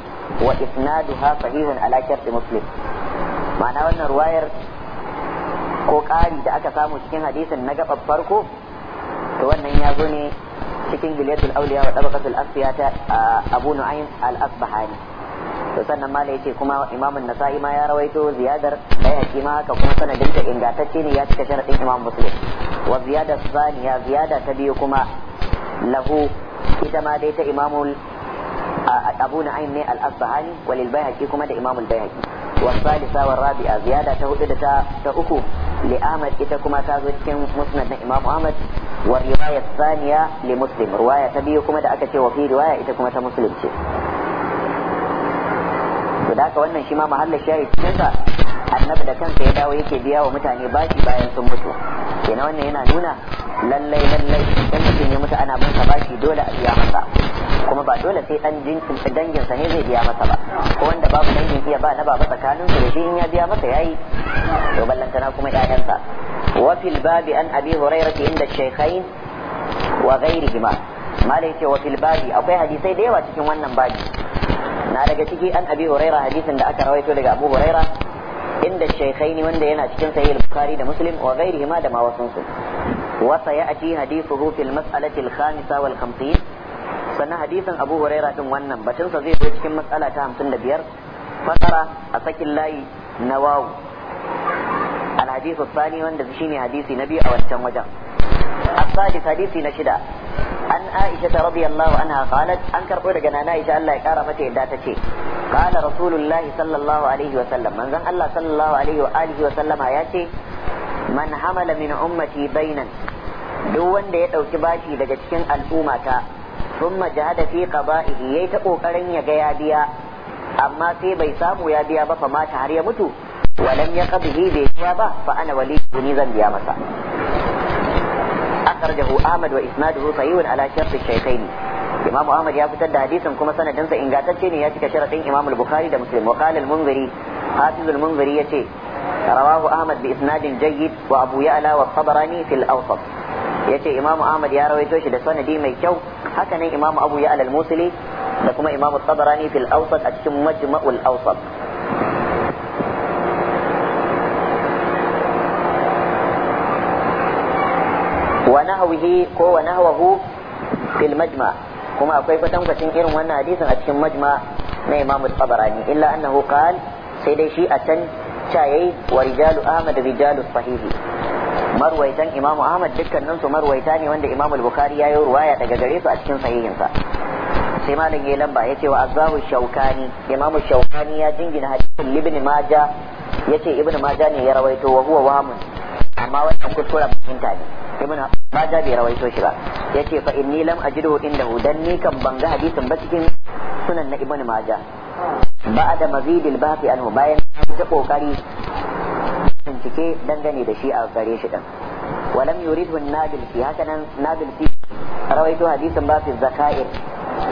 وإسنادها صحيح على شرط مسلم معنى أن رواية ko kari da aka samu cikin hadisin na gaɓar farko to wannan ya zo ne cikin gilatul auliya wa tabaqatul asfiya ta abu al-asbahani to sannan mala yace kuma imamun nasa'i ma ya rawaito ziyadar bayhaqi kima haka kuma sanadin ta ingantacce ne ya cika sharadin imam muslim wa ziyada saniya ziyada ta biyu kuma lahu ita ma dai ta imamul abu na'im ne al-asbahani walil bayhaqi kuma da imamul bayhaqi wa salisa wa rabi'a ziyada ta hudu da ta ta uku li ahmad ita kuma ta zo cikin musnad na imam ahmad wa riwaya thaniya li muslim riwaya ta biyu kuma da aka ce wa fi riwaya ita kuma ta muslim ce da haka wannan shi ma mahallin cikin sa annabi da kansa ya dawo yake biya wa mutane bashi bayan sun mutu kenan wannan yana nuna lallai lallai idan mutum ya mutu ana ban sa bashi dole a biya masa kuma ba dole sai dan dangin sa ne zai biya masa ba ko wanda babu dangin iya ba na baba tsakanin su da shi in ya biya masa yayi to ballantana kuma ƴaƴansa wa fil babi an abi hurairah inda shaykhain wa ghairihima malai ce wa fil babi akwai hadisai da yawa cikin wannan babi na daga ciki an abi huraira hadisin da aka rawaito daga abu huraira inda shaykhaini wanda yana cikin sahih al-bukhari da muslim wa ghairihima da ma wasansu wa sayati hadithuhu fil mas'alati al-khamisa wal 50 sannan hadisin abu huraira din wannan batunsa zai zo cikin mas'ala ta 55 fasara a sakin layi na wawu al-hadithu thani wanda shine hadisi na biyu a wancan wajen الثالث حديثي نشدا عن عائشة رضي الله عنها قالت أنكر قولك أنا عائشة الله يكارم تهداتك قال رسول الله صلى الله عليه وسلم من ذن الله صلى الله عليه وآله وسلم آياتي من حمل من أمتي بينا duk wanda ya ɗauki bashi daga cikin al'ummata sun majahada fi qada'ihi yayi ta kokarin ya ga ya biya amma sai bai samu ya biya ba fa mata har ya mutu walam ya bai biya ba fa ana wali ni zan biya masa akhrajahu Ahmad wa isnaduhu sahihun ala shart ash-shaykhayn ya fitar da hadisin kuma sanadinsa ingantacce ne ya cika sharadin Imam al-Bukhari da Muslim wa qala al Ahmad bi isnadin jayyid wa Abu Ahmad ya rawaito shi da sanadi mai kyau haka nan Imam da kuma fil a cikin Majma'ul wa nahwihi ko wa nahwahu fil majma kuma akwai kwatankwacin irin wannan hadisin a cikin majma na Imam al-Tabarani illa annahu sai dai shi a can cayayi wa rijalu Ahmad rijalu sahihi marwaitan Imam Ahmad dukkanin su marwaita ne wanda Imam al-Bukhari ya yi ruwaya daga gare su a cikin sahihinsa sai malam yayi lamba yace wa azahu shaukani Imam shaukani ya jingina hadisin Ibn Majah yace Ibn Majah ne ya rawaito wa huwa wahamun amma wannan kuskuren fahimta ne ibn Majah bai rawaito shi ba yace fa inni lam ajidu indahu dan ni kan banga hadisin ba cikin sunan na ibn Majah ba'da mazidil bahthi anhu bayan ta kokari bincike dangane da shi a gare shi din ولم يريده النادل haka na نادل في رويت حديثا ما Zaka'ir,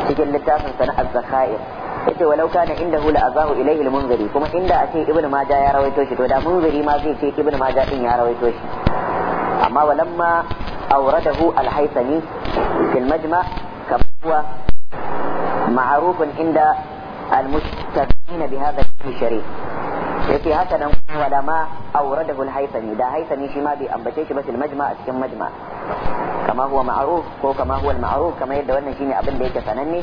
cikin littafin sana'ar Zaka'ir. yace walau kana indahu la azahu ilayhi al-munziri kuma inda ace ibnu majah ya rawaito shi to da munziri ma zai ce ibnu majah din ya rawaito shi amma walamma awradahu al-haythami fil majma kama huwa معروف عند المشتبهين بهذا shari yake haka nan wala ma auradahu al-haythami da haythami shi ma bai ambace shi ba fil majma a cikin majma kama huwa ma'ruf ko kama huwa al-ma'ruf kama yadda wannan shine abin da yake sananne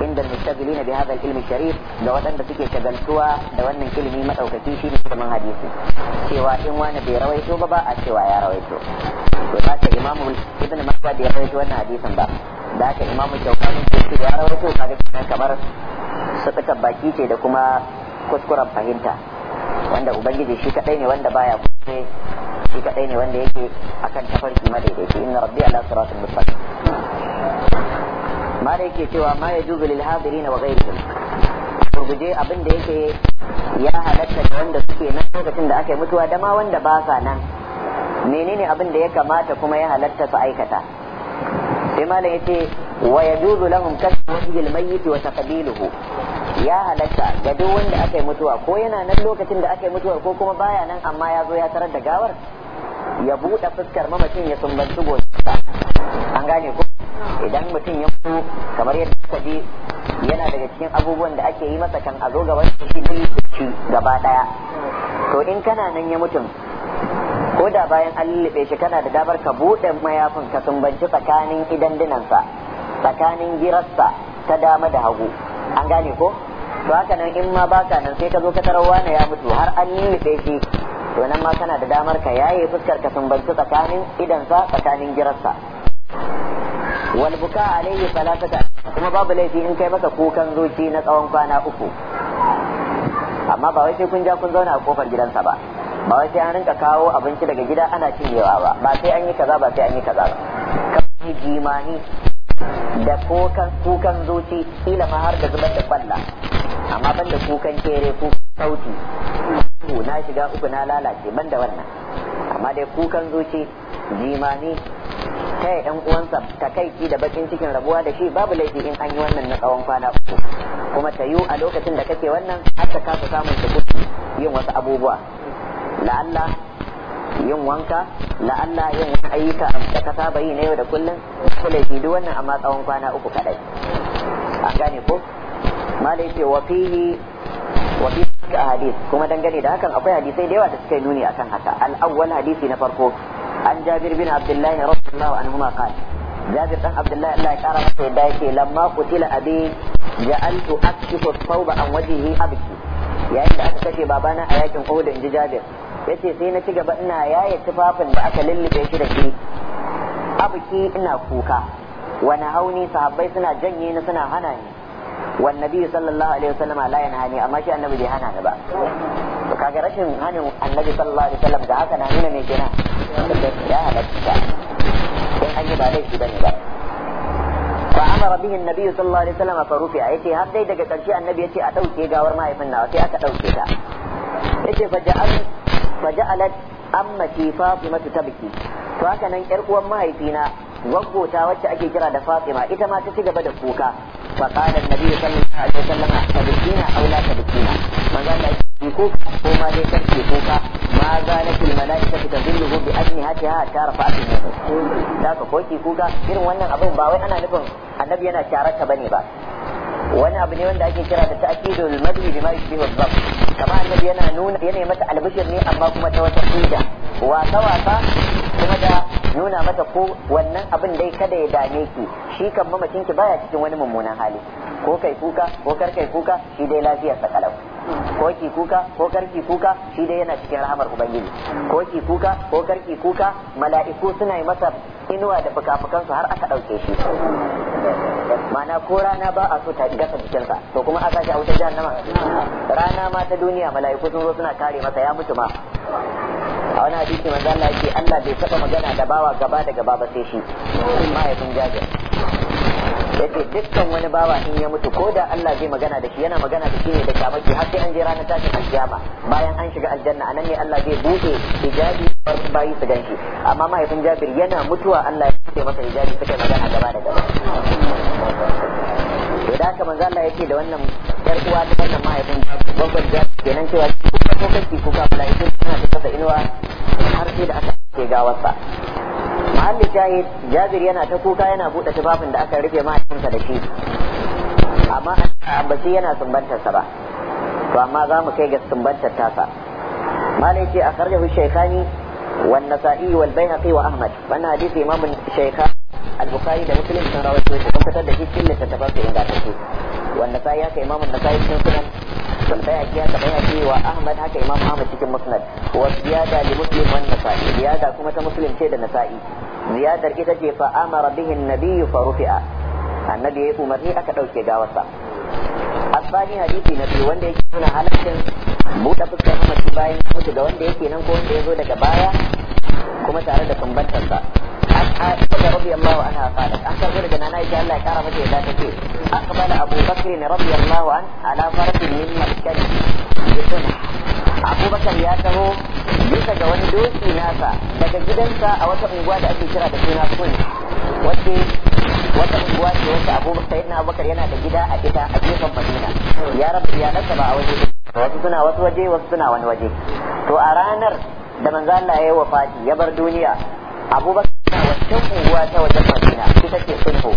عند المشتغلين بهذا العلم sharif ga waɗanda suke shagaltuwa da wannan ilimi madaukaki ne kaman hadisi cewa in wani bai rawaito ba ba a cewa ya rawaito to ba ta imamu ibn majah bai rawaito wannan hadisin ba da haka imamu shaukani ke ya rawaito kaga kenan kamar suka baki ce da kuma kuskuren fahimta wanda ubangiji shi kadai ne wanda baya kuskure shi kadai ne wanda yake akan tafarki madaidaici inna rabbi ala siratul mustaqim mara yake cewa ma ya jubi lil hadirin wa ghayrihim gurguje abin da yake ya halatta da wanda suke nan lokacin da aka yi mutuwa da wanda ba sa nan menene abin da ya kamata kuma ya halatta su aikata sai malam yace wa yajuzu lahum kasbu wajhil mayyit wa taqbiluhu ya halatta ga duk wanda aka yi mutuwa ko yana nan lokacin da aka yi mutuwar ko kuma baya nan amma ya zo ya tarar da gawar ya buɗe fuskar mamacin ya sumbantu gobe an gane ko idan mutum ya mutu kamar yadda suka ji yana daga cikin abubuwan da ake yi masa kan a zo gaban shi ne shi gaba daya to in kana nan ya mutum ko da bayan an lullube shi kana da damar ka buɗe mayafin ka sumbanci tsakanin idan dinansa tsakanin girarsa ta dama da hagu an gane ko to haka nan in ma baka nan sai ka zo ka tarar wani ya mutu har an lullube shi to nan ma kana da damar ka yaye fuskar ka sumbanci tsakanin idansa tsakanin girarsa wal buka alaihi salatata kuma babu laifi in kai masa kukan zuci na tsawon kwana uku amma ba wai sai kun ja kun zauna a kofar gidansa ba ba wai sai an rinka kawo abinci daga gida ana cinyewa ba ba sai an yi kaza ba sai an yi kaza ba kamar jimani da kokan kukan zuci kila ma har da zubar da kwalla amma ban da kukan kere kukan sauti na shiga uku na lalace ban da wannan amma dai kukan zuci jimani taya yan uwansa ki da bakin cikin rabuwa da shi babu laifi in an yi wannan na tsawon kwana uku kuma ta yi a lokacin da kake wannan har ta kasa samun sukuni yin wasu abubuwa la'alla yin wanka la'alla yin ayyuka da ka saba yi na yau da kullum ko laifi duk wannan amma tsawon kwana uku kadai an gane ko malai ce wa fihi wa fihi hadis kuma dangane da hakan akwai hadisai da yawa da suka yi nuni akan haka al-awwal hadisi na farko an jabir na abdullahi rasulullah an huma qala jabir dan abdullahi Allah ya kara masa yadda yake lamma kutila abi ja'altu akshifu thawba an wajhihi abki yayin da aka kashe babana a yakin Uhud inji ya ce sai na ci gaba ina yaye tufafin da aka lullube shi da shi abki ina kuka wani hauni sahabbai suna janye ni suna hana ni wannabi sallallahu alaihi wasallama la yanhani amma shi annabi bai hana ni ba kaga rashin hannun annabi sallallahu alaihi wasallam da haka na nuna mai gina ya halatta sai an yi ba laifi bane ba fa amara bihi annabi sallallahu alaihi wasallam fa rufi'a yace har dai daga karshe annabi yace a dauke gawar mahaifin nawa sai aka dauke ta yace fa ja'al fa ja'alat amma Fatima ta tabiki to haka nan yar uwan mahaifina waggota wacce ake kira da fatima ita ma ta ci gaba da kuka fa qala annabi sallallahu alaihi wasallam tabkina aw la tabkina maza da ki kuka ko ma dai kan ki kuka ma ta almalaikatu hu bi ha ta rafa'at ta ka ko ki kuka irin wannan abin ba wai ana nufin annabi yana kyararta bane ba wani abu ne wanda ake kira da ta'kidul madhi bima yushbihu dhab kama annabi yana nuna yana mata albishir ne amma kuma ta wata fida wasa wasa kuma da nuna mata ko wannan abin dai kada ya dame ki shi kan mamacin ki baya cikin wani mummunan hali ko kai kuka ko kar kai kuka shi dai lafiyar sakalau ko ki kuka ko karki kuka shi dai yana cikin rahamar ubangiji ko ki kuka ko karki kuka mala'iku suna yi masa inuwa da fuka-fukansu har aka ɗauke shi mana ko rana ba a so ta gasa jikinsa to kuma aka shi a wutar jahannama rana ma ta duniya mala'iku sun zo suna kare masa ya mutu ma a wani hadisi manzo Allah yake Allah bai saba magana da bawa gaba da gaba ba sai shi mahaifin jajir yace dukkan wani bawa in ya mutu ko da Allah zai magana da shi yana magana da shi ne da kamaki har sai an je ranar tashin aljama bayan an shiga aljanna anan ne Allah zai buɗe hijabi bayi su ganshi amma mahaifin Jabir yana mutuwa Allah ya buɗe masa hijabi suka magana gaba da gaba to da haka manzo Allah yake da wannan yar uwa da wannan mahaifin babban Jabir kenan cewa ko kuka ko ka kana suna ta inuwa har sai da aka gawar gawarsa mahalli shahid jabir yana ta kuka yana buɗe tufafin da aka rufe mahaifinsa da shi amma ambaci yana sumbantarsa ba to amma za mu kai ga sumbantar tasa malai ce a karjahu shaykhani wan nasa'i wal bayhaqi wa ahmad wannan hadisi imamun shaykha al-bukhari da muslim sun rawaito shi kun da shi cikin littattafan su take wanda sai ya kai imamun nasa'i cikin sunan tambaya kiya ta bayyana cewa Ahmad haka Imam Ahmad cikin Musnad wa ziyada li Muslim wan Nasa'i ziyada kuma ta Muslim ce da Nasa'i ziyadar ita ce fa amara bihi an fa rufi'a annabi yayi umarni aka dauke gawarsa asbani hadisi na biyu wanda yake nuna halaccin buɗe fuskar mutum bayan mutu ga wanda yake nan ko wanda ya zo daga baya kuma tare da kumbantarsa عائشة رضي الله عنها قالت أحسن قولة أن أنا الله كارا عرفة لا تجيب أقبل أبو بكر رضي الله عنه على فرد من مسكنه بسنة أبو بكر ياته bisa ga دوسي ناسا nasa daga gidansa a wata unguwa da ake kira da suna kun wata unguwa ce wacce abubakar sayyidina abubakar yana da gida a gida a gefen madina ya rabu ya nasa ba a waje wasu suna wasu waje wasu suna wani waje to a ranar da manzo Allah ya yi wafati ya bar duniya abubakar wancan unguwa ta wajen madina ta ce sulhu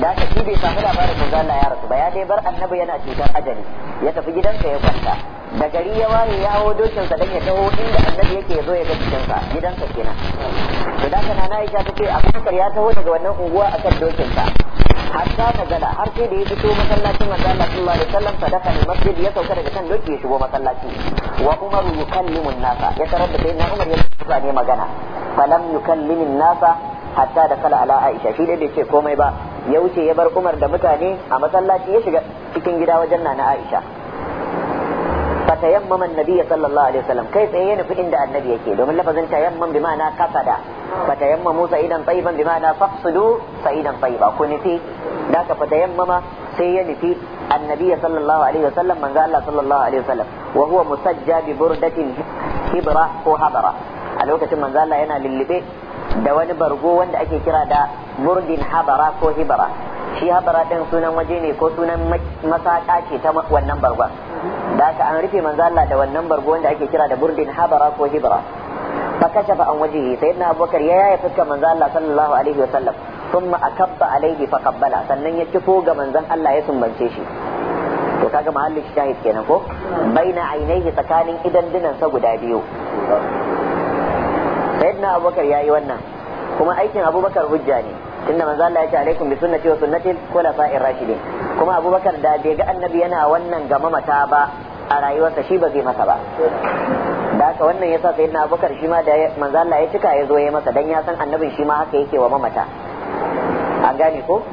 da ta shi bai samu labarin manzo Allah ya rasu ba ya dai bar annabi yana cutar ajali ya tafi gidansa ya kwanta da gari ya waye ya hawo dokinsa sa dan ya taho inda annabi yake zo ya ga cikin gidansa kenan to da kana na Aisha tace Abubakar ya taho daga wannan unguwa akan dokinsa. sa hatta magana har sai da ya fito masallacin manzo Allah sallallahu alaihi wasallam sadaka da masjid ya sauka daga kan doki ya shigo masallaci wa Umar yukallimun nasa ya tarar da na Umar ya fara ne magana falam yukallimin nasa hatta da kala ala Aisha shi da bai ce komai ba ya wuce ya bar Umar da mutane a masallaci ya shiga cikin gida wajen nana Aisha fatayammama annabi sallallahu alaihi wasallam kai tsaye ne fi inda annabi yake domin lafazin tayammam bi ma'ana kasada fatayammamu sa'idan tayyiban bi ma'ana faqsudu sa'idan tayyiba ku nufi da ka fatayammama sai ya nufi annabi sallallahu alaihi wasallam manzo Allah sallallahu alaihi wasallam wa musajja bi burdatin hibra ko habara a lokacin Manzala yana lullube da wani bargo wanda ake kira da murdin habara ko hibara shi habara din sunan waje ne ko sunan masaka ce ta wannan bargo. da aka an rufe manzo Allah da wannan bargo wanda ake kira da murdin habara ko hibara fa kashafa an waje sayyidina abubakar ya yaya fuskar manzo Allah sallallahu alaihi wasallam thumma akabba alaihi fa qabbala sannan ya kifo ga manzon Allah ya sumbance shi to kaga mahallin shahid kenan ko baina ainihi tsakanin idan dinan sa guda biyu sayyidina abubakar yayi wannan kuma aikin abubakar hujja ne tunda manzo Allah ya ce alaikum bi sunnati wa sunnati khulafa'ir rashidin kuma abubakar da bai ga annabi yana wannan ga mamata ba a rayuwarsa shi ba zai masa ba da haka wannan yasa na abubakar shi ma da manzo Allah ya cika ya zo ya masa dan ya san annabin shi ma haka yake wa mamata an gane ko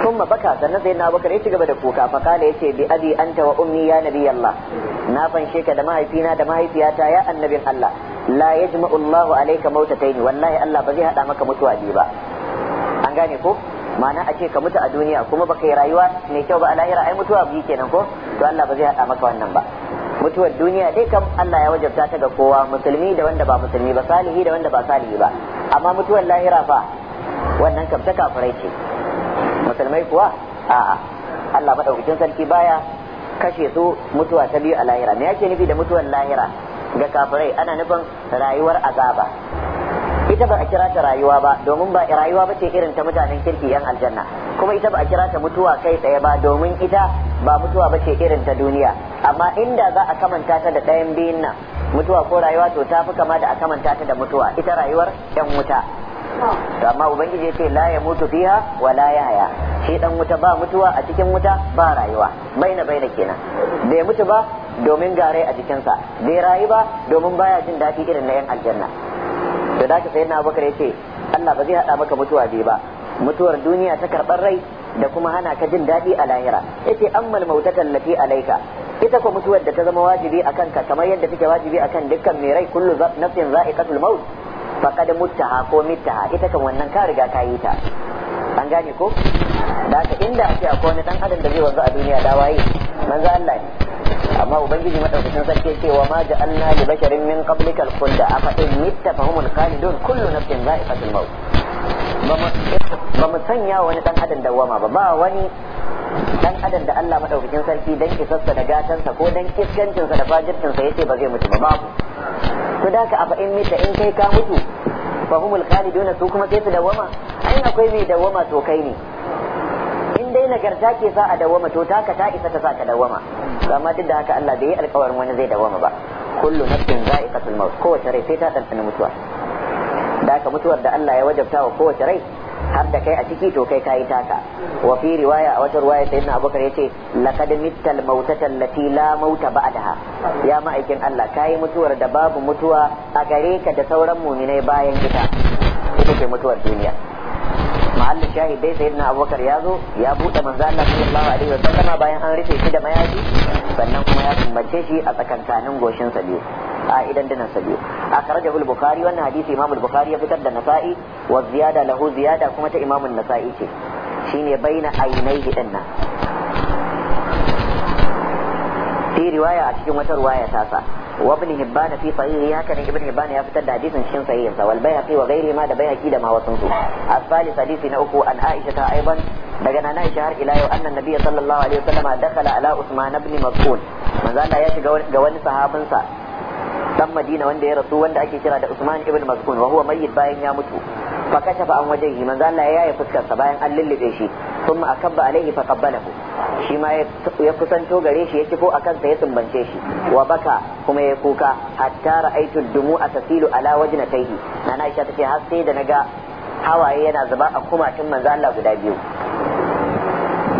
ثم بكى sannan sai na bakar ya ci gaba da kuka fa kala yace bi abi anta wa ummi ya nabi Allah na fanshe ka da mahaifina da mahaifiyata ya annabin Allah la yajma'u Allahu alayka mautatayn wallahi Allah ba zai hada maka mutuwa biyu ba an gane ko ma'ana a ce ka mutu a duniya kuma baka yi rayuwa mai kyau ba a lahira ai mutuwa biyu kenan ko to Allah ba zai hada maka wannan ba mutuwar duniya dai kam Allah ya wajabta ta ga kowa musulmi da wanda ba musulmi ba salihi da wanda ba salihi ba amma mutuwar lahira fa wannan kam ta kafirai ce musulmai kuwa a'a Allah madaukakin sarki baya kashe su mutuwa ta biyu a lahira me yake nufi da mutuwar lahira ga kafirai ana nufin rayuwar azaba ita ba a kira ta rayuwa ba domin ba rayuwa ba ce irin ta mutanen kirki yan aljanna kuma ita ba a kira ta mutuwa kai tsaye ba domin ita ba mutuwa ba ce irin ta duniya amma inda za a kamanta ta da ɗayan biyun nan mutuwa ko rayuwa to ta fi kama da a kamanta ta da mutuwa ita rayuwar yan wuta to amma ubangiji ya ce la ya mutu fiha wa la ya haya shi dan wuta ba mutuwa a cikin wuta ba rayuwa baina baina kenan bai mutu ba domin garai a jikinsa bai rayu ba domin baya jin daɗi irin na yan aljanna to da ka na abubakar ya ce Allah ba zai hada maka mutuwa biyu ba mutuwar duniya ta karɓar rai da kuma hana ka jin daɗi a lahira yace ammal mautatan lati alaika ita ko mutuwar da ta zama wajibi akan ka kamar yadda take wajibi akan dukkan mai rai kullu nafsin za'iqatul maut faqad muttaha ko mittaha ita kan wannan ka riga ka yi ta an gane ko da haka inda ake akwai wani dan adam da zai wanzu a duniya da waye manzo Allah ne amma ubangiji madaukakin sarki ce wa ma ja'alna li basharin min qablikal khulda afa in mitta fahumul khalidun kullu nafsin za'iqatul maut ba mu sanya wani dan adam dawama ba ba wani dan adam da Allah madaukakin sarki dan kisarsa da gatansa ko dan kiskancinsa da ya yace ba zai mutu ba babu to da ka afa in mita in kai ka mutu fa humul khalidun su kuma sai su dawama ai akwai mai dawama to kai ne in dai nagarta ke sa a dawama to taka ta isa ta sa ka dawama amma duk da haka Allah bai yi alƙawarin wani zai dawama ba kullu nafsin za'iqatul maut kowace rai sai ta tantana mutuwa da aka mutuwar da Allah ya wajabta wa kowace rai har da kai a ciki to kai kayi taka wa fi riwaya a wata riwaya sai na abubakar yace laqad mittal mautata allati la mauta ba'daha ya ma'aikin Allah kayi mutuwar da babu mutuwa a gare ka da sauran muminai bayan ita ita ce mutuwar duniya mahallin shahid dai na abubakar ya zo ya buɗe manzo Allah sallallahu alaihi wasallam bayan an rufe shi da mayafi sannan kuma ya kumbace shi a tsakankanin goshin sa biyu a idan dinan sa biyu akhrajahu al-bukhari wannan hadisi imamul al-bukhari ya fitar da nasa'i wa ziyada lahu ziyada kuma ta imam an-nasa'i ce shine baina ainai dinnan fi riwaya a cikin wata ruwaya ta sa wa ibn hibban fi sahihi haka ne ibn hibban ya fitar da hadisin cikin sahihin sa wal bayhaqi wa ghairi ma da bayhaqi da ma wasun su asali hadisi na uku an aisha ta aiban daga nana aisha har ila yau annan nabiyyi sallallahu alaihi wasallam dakhala ala usman ibn mas'ud manzo Allah ya shiga ga wani sahabinsa dan Madina wanda ya rasu wanda ake kira da Usman ibn Mas'ud wa huwa mayyit bayan ya mutu fa kashafa an wajhihi manzo Allah ya yi fuskar sa bayan an lullube shi thumma akabba alaihi fa qabbalahu shi ma ya kusanto gare shi ya kifo akan sa ya tumbance shi wa baka kuma ya kuka hatta ra'aytu dumu tasilu ala wajnatayhi nana Aisha take har sai da naga hawaye yana zuba a kumatin manzo Allah guda biyu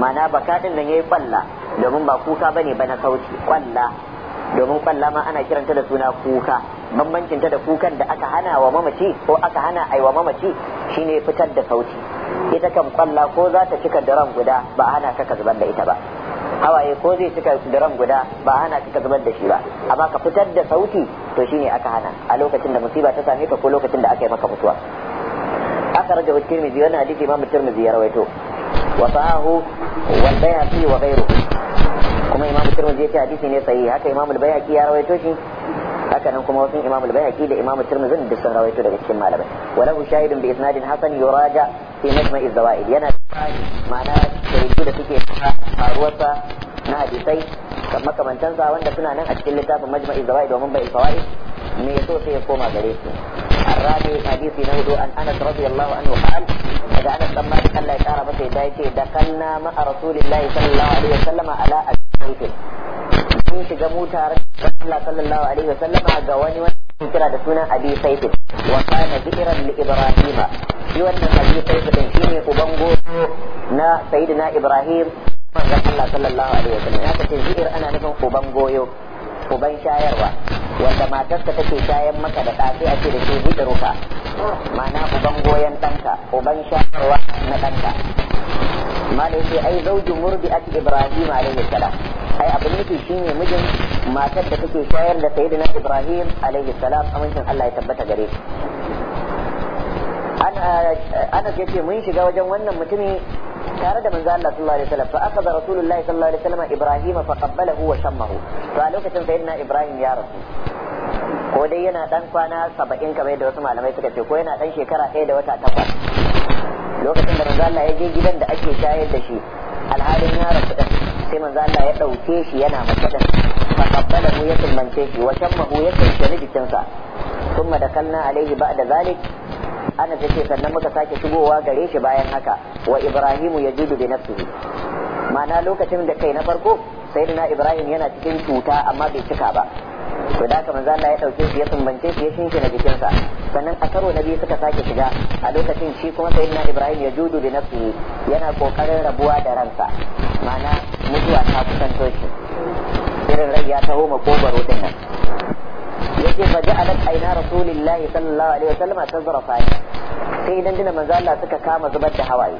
mana baka din nan yayi kwalla domin ba kuka bane ba na sauti kwalla domin kwalla ma ana kiranta da suna kuka bambancinta da kukan da aka hana wa mamaci ko aka hana ai wa mamaci shine fitar da sauti ita kan kwalla ko za ta cika daren guda ba a hana ka ka zubar da ita ba hawaye ko zai cika daren guda ba a hana ka ka zubar da shi ba amma ka fitar da sauti to shine aka hana a lokacin da musiba ta same ka ko lokacin da aka yi maka mutuwa aka raja wa tirmidhi wannan hadisi ma tirmidhi ya rawaito wa sahahu wa bayhaqi wa ghayruhu kuma imam tirmidhi yace hadisi ne sahihi haka imam al-bayhaqi ya rawaito shi haka nan kuma wasu imam al-bayhaqi da imam tirmidhi duk sun rawaito daga cikin malamai wa lahu shahidun bi isnadin hasan yuraja fi majma' az-zawaid yana ma'ana shaidu da suke faruwarsa na hadisai makamantansa wanda suna nan a cikin littafin majma'i az-zawaid domin bai fawaid me yaso sai ya koma gare su الرابع حديث نوذ عن انس رضي الله عنه قال اذا انس لما قال لا يتعرف سيدايتي دخلنا مع رسول الله صلى الله عليه وسلم على mun shiga mu tare Allah sallallahu alaihi wa sallama ga wani wani kira da sunan Abi Saif wa kana dhikran li Ibrahim shi wannan Abi Saif din shine uban goro na Sayyidina Ibrahim manzon Allah sallallahu alaihi wa sallam ya kace zikir ana nufin uban goyo uban shayarwa wanda matarka take shayan maka da ɗafi a ce da shi zikiruka ma'ana uban goyon ɗanka uban shayarwa na ɗanka ما ليش أي زوج مرضئة إبراهيم mijin السلام da أبنيتي شيني da ما تبتكي شاعر لسيدنا إبراهيم عليه السلام أمنشن الله يثبت قريب ana جيتي mun shiga wajen wannan متمي tare da manzo Allah sallallahu alaihi wasallam fa akaza rasulullahi sallallahu alaihi wasallam ibrahim fa qabbalahu wa shammahu to a lokacin sayyidina ibrahim ya rasu ko dai yana dan kwana 70 kamar da wasu malamai suka ce ko yana dan shekara 1 da wata takwas. lokacin da manzo Allah ya je gidan da ake shayar da shi alhalin ya rasu din sai manzo Allah ya dauke shi yana mace din fa qabbalahu ya tummance shi wa shammahu ya tummance jikinsa thumma dakalna alaihi ba'da zalik ana tace sannan muka sake shigowa gare shi bayan haka wa ibrahimu yajudu bi nafsihi ma'ana lokacin da kai na farko sayyidina ibrahim yana cikin cuta amma bai cika ba to da ka manzo Allah ya dauke shi ya sumbance shi ya shinke na jikinsa sannan a karo na biyu suka sake shiga a lokacin shi kuma sayyidina Ibrahim ya judu bi nafsi yana kokarin rabuwa da ransa mana mutuwa ta kusanto shi irin rai ya taho makogwaro din nan yace fa ja'alat aina rasulillahi sallallahu alaihi wasallam tazrafa sai idan dina manzo Allah suka kama zubar da hawaye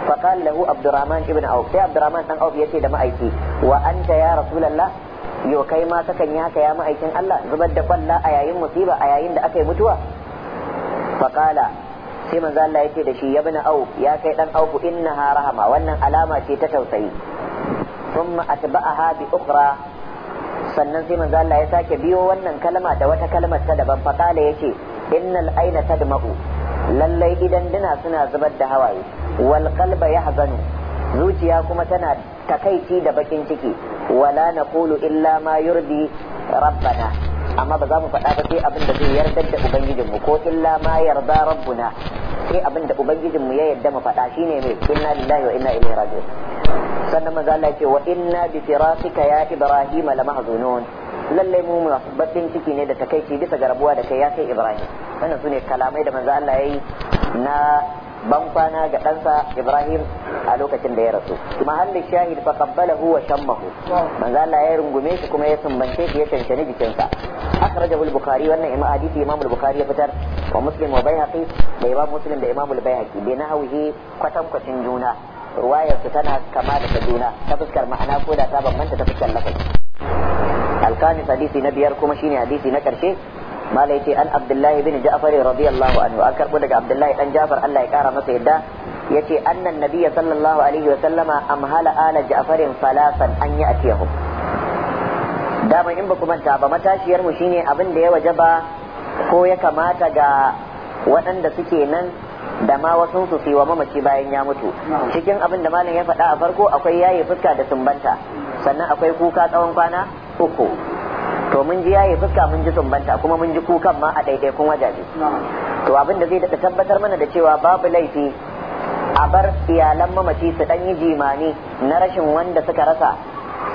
فقال له عبد الرحمن Ibn عوف sai عبد الرحمن بن عوف يتي da ma'aiki wa anta ya rasulullah yo kai ma kakan yi haka ya ma'aikin Allah zubar da kwalla a yayin musiba a yayin da aka yi mutuwa Faƙala sai manzo Allah yake da shi ya bin au ya kai dan au innaha rahama wannan alama ce ta tausayi thumma atba'aha bi ukhra sannan sai manzo Allah ya sake biyo wannan kalma da wata kalmar ta daban faqala yace innal aina tadma'u lallai idan dina suna zubar da hawaye wal qalba yahzanu zuciya kuma tana takaici da bakin ciki wala kulu illa ma yurdi rabbana amma ba za mu faɗa ba sai abin da zai yarda da ubangijinmu ko illa ma yarda rabbuna sai abin da ubangijinmu ya yarda mu faɗa shine mai inna lillahi wa inna ilaihi raji'un sannan manzo Allah ce wa inna bi firasika ya ibrahim la mahzunun lallai mu masu bakin ciki ne da takaici bisa garbuwa da kai ya kai ibrahim wannan sune kalamai da manzo Allah yayi na ban kwana ga ɗansa Ibrahim a lokacin da ya rasu mahallin shahid fa qabbalahu huwa shammahu manzo Allah ya rungume shi kuma ya sumbance shi ya tantane jikinsa akhrajahu al-bukhari wannan imam hadisi imam al-bukhari ya fitar wa muslim wa baihaqi da imam muslim da imam al-baihaqi bi nahwihi kwatan kwatin juna ruwayar su tana kama da ta juna ta fuskar ma'ana ko da ta bambanta ta fuskar lafazi alkanis hadisi na biyar kuma shine hadisi na karshe mala an abdullahi bin ja'far radiyallahu anhu an karbo daga abdullahi dan ja'far Allah ya kara masa yadda yace annan nabiyya sallallahu alaihi wa sallama amhala ala ja'farin falasan an ya'tiyahu dama in ba ku manta ba matashiyar mu shine abin da ya wajaba ko ya kamata ga waɗanda suke nan da ma wasu su fi wa mamaci bayan ya mutu cikin abin da malam ya faɗa a farko akwai yayi fuska da sumbanta sannan akwai kuka tsawon kwana uku to mun ji yayi fuska mun ji sumbanta kuma mun ji kukan ma a daidai kun wajaje to abin da zai da tabbatar mana da cewa babu laifi a bar iyalan mamaci su dan yi jimani na rashin wanda suka rasa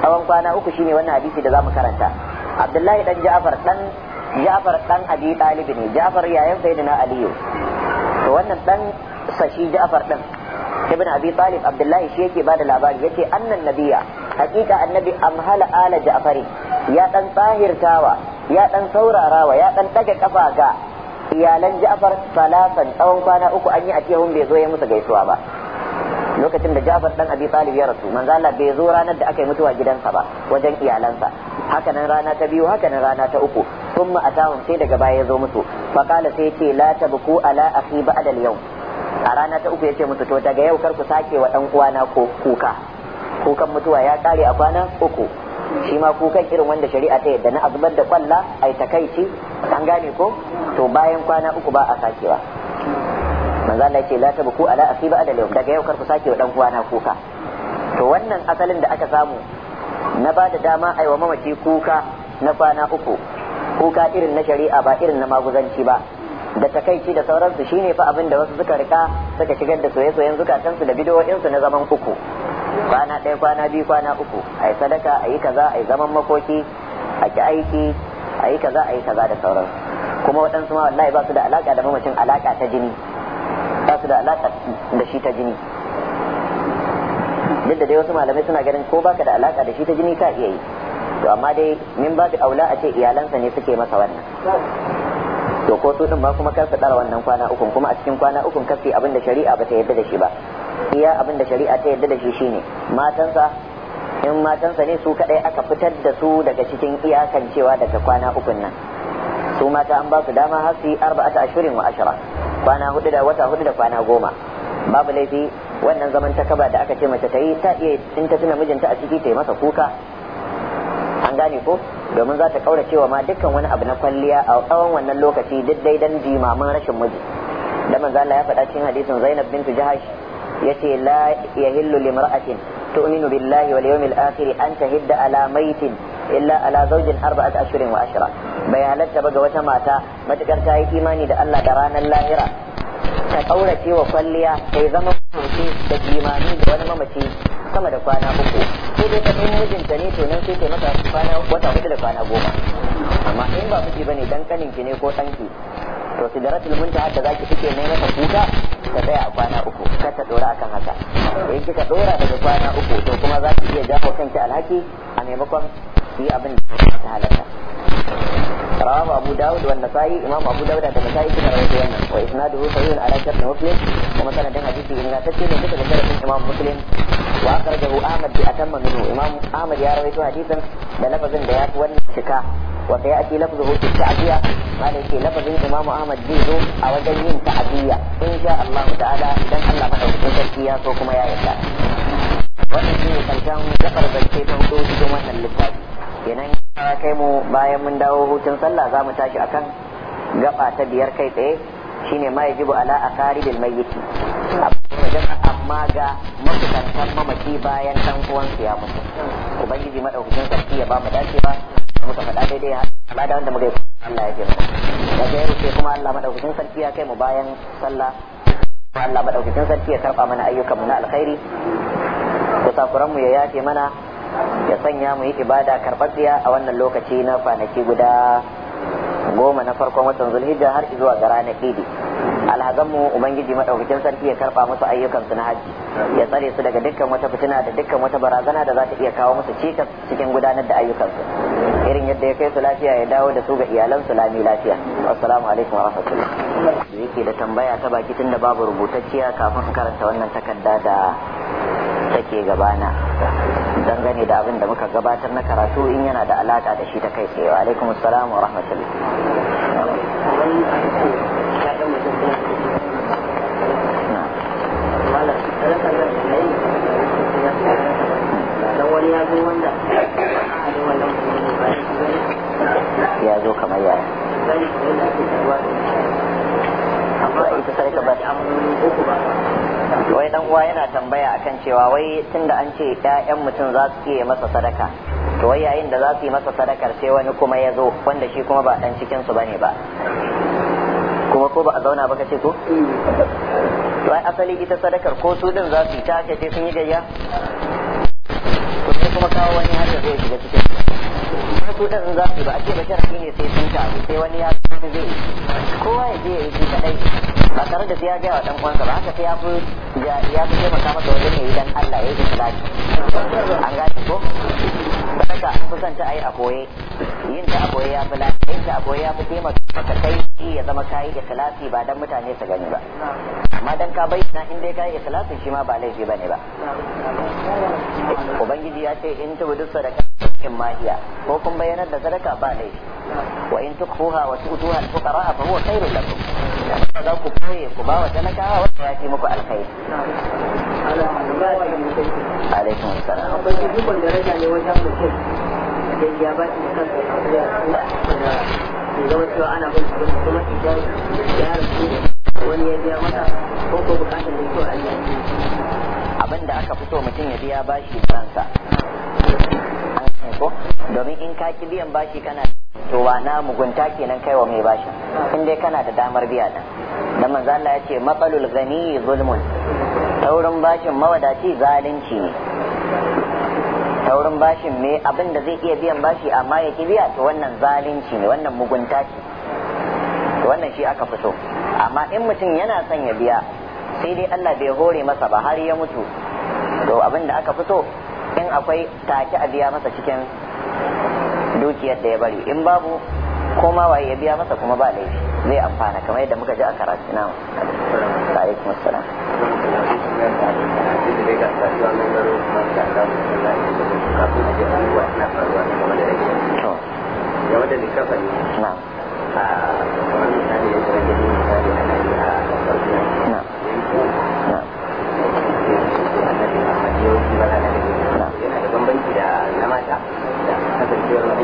tsawon kwana uku shine wannan hadisi da zamu karanta abdullahi dan ja'far dan ja'far dan abi talib ne ja'far yayan sayyidina aliyu to wannan dan sashi ja'far din ibn abi talib abdullahi shi yake bada labari yace annan nabiya hakika annabi amhala ala ja'fari ya dan tsahirtawa ya dan saurarawa ya dan daga kafa ga iyalan ja'far salasan tsawon kwana uku an yi a cehun bai zo ya musu gaisuwa ba lokacin da ja'far dan abi talib ya rasu manzo Allah bai zo ranar da aka yi mutuwa gidansa ba wajen iyalansa haka nan rana ta biyu haka nan rana ta uku a atahum sai daga baya ya zo musu faqala sai ce la tabku ala akhi ba'da al-yawm a rana ta uku ya ce musu to daga yau kar ku sake wa dan uwana ko kuka kukan mutuwa ya kare a kwana uku shi ma kukan irin wanda shari'a ta yadda na azubar da kwalla ai takaici an gane ko to bayan kwana uku ba a sakewa manzo Allah ce la tabku ala asiba adal yau daga yau kar ku sake wa dan uwana kuka to wannan asalin da aka samu na ba da dama ai wa mamaci kuka na kwana uku kuka irin na shari'a ba irin na maguzanci ba da takaici da sauransu shine fa abin da wasu suka rika suka shigar da soyayyen zukatansu da bidiyoyinsu na zaman uku kwana ɗaya kwana biyu kwana uku a yi sadaka a yi kaza a yi zaman makoki a ki aiki a yi kaza a yi kaza da sauransu kuma waɗansu ma wallahi ba su da alaƙa da mamacin alaƙa ta jini ba su da alaƙa da shi ta jini duk da dai wasu malamai suna ganin ko baka da alaƙa da shi ta jini ka iya yi to amma dai min babu aula a ce iyalansa ne suke masa wannan to ko su ba kuma kar su wannan kwana ukun kuma a cikin kwana ukun kar abin da shari'a ba ta yadda da shi ba iya abin da shari'a ta yadda da shi shine matansa in matansa ne su kadai aka fitar da su daga cikin iyakan cewa daga kwana ukun nan su mata an ba su dama har su yi arba'ata ashirin wa ashara kwana hudu da wata hudu da kwana goma babu laifi wannan zaman ta kaba da aka ce mace ta yi ta iya in ta tuna mijinta a ciki ta yi masa kuka an gane ko domin za ta kaura cewa ma dukkan wani abu na kwalliya a tsawon wannan lokaci duk dai dan jimamin rashin miji da manzo Allah ya faɗa cikin hadisin Zainab bintu Jahash yace la yahillu limra'atin tu'minu billahi wal yawmil akhir an tahidda ala maitin illa ala zawjin arba'at ashhurin wa ashra bai halatta ba ga wata mata matukar ta yi imani da Allah da ranar lahira ta kaurace wa kwalliya sai zama mutum da jimami da wani mamaci sama da kwana uku sai dai kan mijinta ne to nan sai ta masa kwana wata hudu da kwana goma amma in ba miji bane dan kanin ki ne ko ki to sidratul munta haka zaki ki ne masa kuka ta tsaya a kwana uku kar ta dora akan haka in kika dora daga kwana uku to kuma zaki iya jawo kanki alhaki a maimakon yi abin da ta halatta رواه أبو داود والنسائي إمام أبو داود عند النسائي كما رواه سيانا وإسناده صحيح على شرط مسلم ومثلا ده حديث إن تسلم مثل شرط إمام مسلم وأخرجه أحمد بأتم منه إمام أحمد يا رويته حديثا بلفظ بيات والشكاء وسيأتي لفظه في التعزية قال في لفظ إمام أحمد جيزو أو جيين تعزية إن شاء الله تعالى إذا الله في تركيا فوقما يا يسا وإن شاء الله تعالى gabar zance ta hudu cikin wannan littafi kenan kai mu bayan mun dawo hutun sallah za mu tashi akan gaba ta biyar kai tsaye shine ma yajibu ala aqaribil mayyiti amma ga mafitantan mamaki bayan dan uwan ya mutu ubangiji madaukakin sarki ya ba mu dace ba muka faɗa daidai ya ba da wanda muka yi Allah ya ji mu daga yau sai kuma Allah madaukakin sarki ya kai mu bayan sallah Allah madaukakin sarki ya karba mana ayyukan mu na alkhairi ko sakuran mu ya yafe mana ya sanya mu yi ibada karɓar a wannan lokaci na kwanaki guda goma na farkon watan zulhijja har zuwa ga ranar idi alhazanmu ubangiji madaukakin sarki ya karba musu ayyukan su na hajji ya tsare su daga dukkan wata fitina da dukkan wata barazana da za ta iya kawo musu cikas cikin gudanar da ayyukan su irin yadda ya kai su lafiya ya dawo da su ga iyalan su lami lafiya assalamu alaikum wa yake da tambaya ta baki tun da babu rubutacciya kafin karanta wannan takarda da take gabana dangane da abin da muka gabatar na karatu in yana da alaka da shi ta kai tsaye alaikum wa rahmatullahi ya zo kamar yaya ita wai dan uwa yana tambaya akan cewa wai tunda an ce ƴaƴan mutum za su iya masa sadaka to wai yayin da za su yi masa sadakar sai wani kuma ya zo wanda shi kuma ba dan cikin su bane ba kuma ko ba a zauna ba kace ko wai asali ita sadakar ko su din za su yi ta ce sun yi gayya kuma kawo wani har zai shiga cikin su in za su ba a ce ba sharafi ne sai sun taru sai wani ya wani zai kowa ya je ya yi kadai. kaɗai ba tare da sai ya gaya wa ɗan kwansa ba haka sai ya fi ya fi maka masa wajen ya yi dan Allah ya yi ikhlasi an gane ko barka an fi son ta ayi a koye yin ta a koye ya fi lafiya yin ta a koye ya fi taimaka maka kai ya zama kayi ikhlasi ba dan mutane su gani ba amma dan ka bayyana in dai kayi ikhlasi shi ma ba laifi bane ba ubangiji ya ce in tubu duk sadaka mimma mahiya ko kun bayanar da sadaka ba ne wa in tukhuha wa tu'tuha al-fuqara fa huwa lakum za ku koye ku ba wa talakawa wanda ya fi muku alkhairi alaikum da ya ba shi ya ana bin kuma idan ya rasu wani ya abin da aka fito mutum ya biya bashi kansa ko domin in ka ki biyan bashi kana to wa na mugunta kenan kai wa mai bashi in dai kana da damar biya da dan manzo Allah ya ce matsalul gani zulmun taurin bashin mawadaci zalunci ne taurin bashin me abin da zai iya biyan bashi amma ya ki biya to wannan zalunci ne wannan mugunta ce wannan shi aka fito amma in mutum yana son ya biya sai dai Allah bai hore masa ba har ya mutu to abin da aka fito in akwai take a biya masa cikin dukiyar da ya bari in babu koma waye ya biya masa kuma ba laifi zai amfana kamar yadda muka ji a karatu na alaikum assalam game da ne na a kamar misali da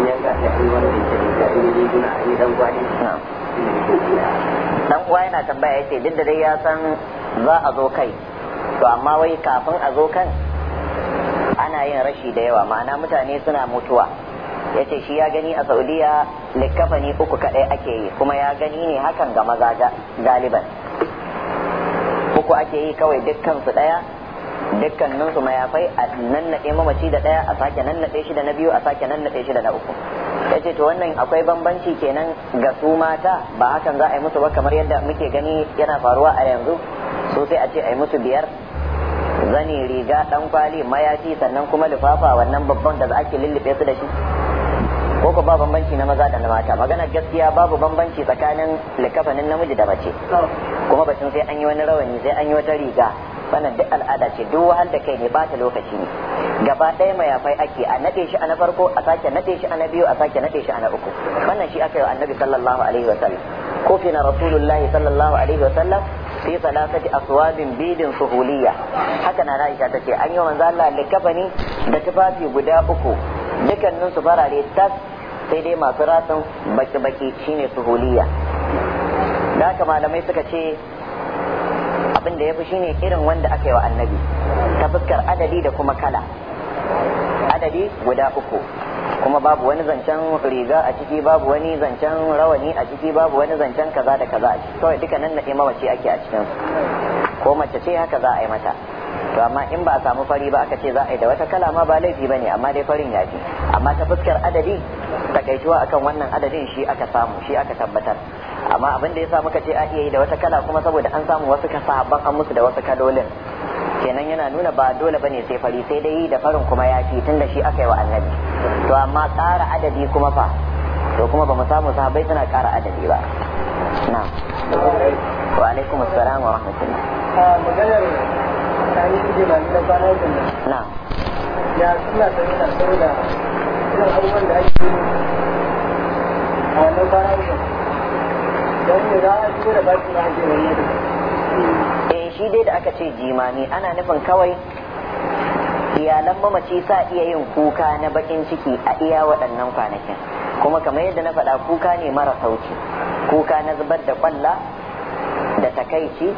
dan uwa yana tambaya yace duk da ya san za a zo kai to amma wai kafin a zo kan ana yin rashi da yawa ma'ana mutane suna mutuwa ya ce shi ya gani a saudiya likafani uku kaɗai ake yi kuma ya gani ne hakan ga maza galiban uku ake yi kawai dukkan su ɗaya Dukkan dukkanin su mayafai a nan ɗaya mamaci da ɗaya a sake nan ɗaya shi da na biyu a sake nan ɗaya shi da na uku Ya ce to wannan akwai bambanci kenan ga su mata ba hakan za a yi musu ba kamar yadda muke gani yana faruwa a yanzu so sai a ce a yi musu biyar zani riga ɗan kwali mayafi sannan kuma lifafa wannan babban da za a ke lullube su da shi ko ko ba bambanci na maza da na mata magana gaskiya babu bambanci tsakanin likafanin namiji da mace oh. kuma batun sai an yi wani rawani sai an yi wata riga wannan duk al'ada ce duk wahal da kai ne ba ta lokaci ne gaba ɗaya mayafai ake a naɗe shi a na farko a sake naɗe shi a na biyu a sake naɗe shi a na uku wannan shi aka yi wa annabi sallallahu alaihi wa sallam na rasulullahi sallallahu alaihi wa sallam fi salasati aswabin bidin suhuliya haka na Aisha ta ce an yi manzo Allah likafani da tufafi guda uku dukannin su farare tas sai dai masu ratsin baki-baki shine suhuliya da haka malamai suka ce abin da ya fi shine irin wanda aka yi wa annabi ta fuskar adadi da kuma kala adadi guda uku kuma babu wani zancen riga a ciki babu wani zancen rawani a ciki babu wani zancen kaza da kaza a ciki kawai duka nan na mawace ake a cikin ko mace ce haka za a yi mata to amma in ba a samu fari ba aka ce za a yi da wata kala ma ba laifi bane amma dai farin ya fi amma ta fuskar adadi takaituwa akan wannan adadin shi aka samu shi aka tabbatar amma abin da sa muka ce a iya yi da wata kala kuma saboda an samu wasu ka sahabban an musu da wasu kalolin kenan yana nuna ba dole bane sai fari sai dai yi da farin kuma ya fi tunda shi aka yi wa annabi to amma ƙara adadi kuma fa to kuma ba mu samu sahabbai suna ƙara adadi ba na wa alaikum assalam wa rahmatullah ah, maganar sani kuje ba da kwana na ya suna tsaye saboda irin abubuwan da ake yi a wannan kwana eh shi dai da aka ce jimami ana nufin kawai iyalan mamaci sa iya yin kuka na bakin ciki a iya waɗannan kwanakin kuma kamar yadda na faɗa kuka ne mara sauki kuka na zubar da kwalla da takaici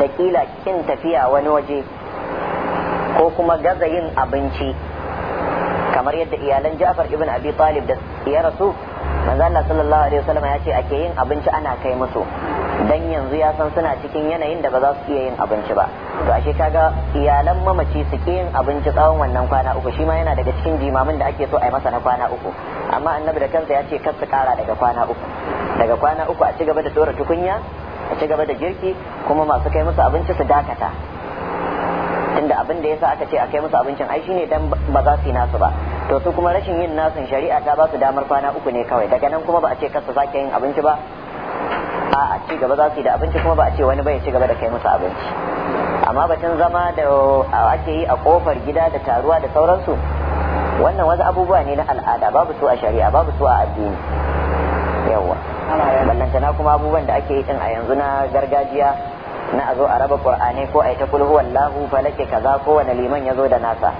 da kila kin tafiya wani waje ko kuma gaza yin abinci kamar yadda iyalan jafar ibn abi talib da ya rasu manzo Allah sallallahu alaihi wasallam ya ce ake yin abinci ana kai musu dan yanzu ya san suna cikin yanayin da ba za su iya yin abinci ba to ashe kaga iyalan mamaci su ke yin abinci tsawon wannan kwana uku shi ma yana daga cikin jimamin da ake so a yi masa na kwana uku amma annabi da kansa ya ce kar su kara daga kwana uku daga kwana uku a ci gaba da dora tukunya a ci gaba da girki kuma masu kai musu abinci su dakata tunda abin da yasa aka ce a kai musu abincin ai shine dan ba za su yi nasu ba to su kuma rashin yin nasun shari'a ta ba su damar kwana uku ne kawai daga nan kuma ba a ce kar su sake yin abinci ba a ci gaba za su yi da abinci kuma ba a ce wani bai ci gaba da kai musu abinci amma batun zama da ake yi a kofar gida da taruwa da sauransu wannan wasu abubuwa ne na al'ada babu su a shari'a babu su a addini yawa ballantana kuma abubuwan da ake yi din a yanzu na gargajiya na a zo a raba qur'ani ko a yi ta kulhu wallahu falake kaza ko wani liman ya zo da nasa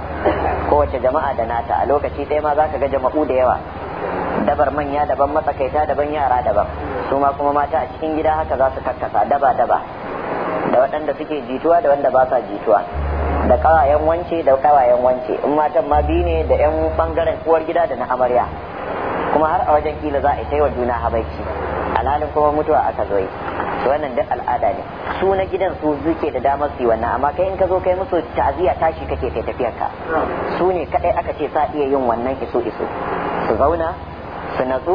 kowace jama'a da nata a lokaci ɗaya ma za ka ga jama'u da yawa dabar manya daban matsakaita daban yara daban su ma kuma mata a cikin gida haka za su kakkasa daba daba da waɗanda suke jituwa da wanda ba sa jituwa da kawayen wance da ƙawayen wance in matan ma biyu ne da yan bangaren uwar gida da na amarya kuma har a wajen kila za a yi ta yi wa juna habaici alhalin kuma mutuwa aka zo yi wannan duk al'ada ne su na gidan su suke da damar su wannan amma kai in ka zo kai musu ta'aziyya tashi kake kai tafiyar ka su ne kadai aka ce sa iya yin wannan iso iso su zauna su natsu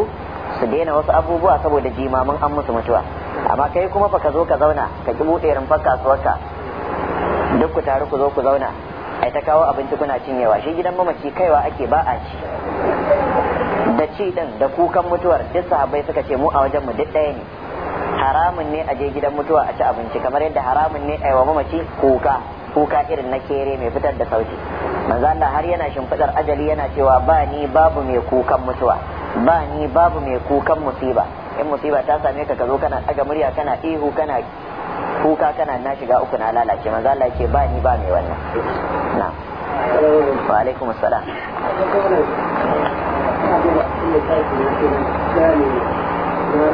su daina wasu abubuwa saboda jimamin an musu mutuwa amma kai kuma fa ka zo ka zauna ka ki fakka su kasuwarka duk ku tare ku zo ku zauna ai ta kawo abinci kuna cinyewa shi gidan mamaci kaiwa ake ba a ci da ci din da kukan mutuwar duk sahabbai suka ce mu a wajen mu duk ɗaya ne haramun ne a je gidan mutuwa a ci abinci kamar yadda haramun ne a yi wa mamaci kuka kuka irin na kere mai fitar da sauti manzo Allah har yana shimfidar ajali yana cewa ba ni babu mai kukan mutuwa ba ni babu mai kukan musiba in musiba ta same ka kazo kana daga murya kana ihu kana kuka kana na shiga uku na lalace manzo Allah yake ba ni ba mai wannan na'am wa alaikumus salam نعم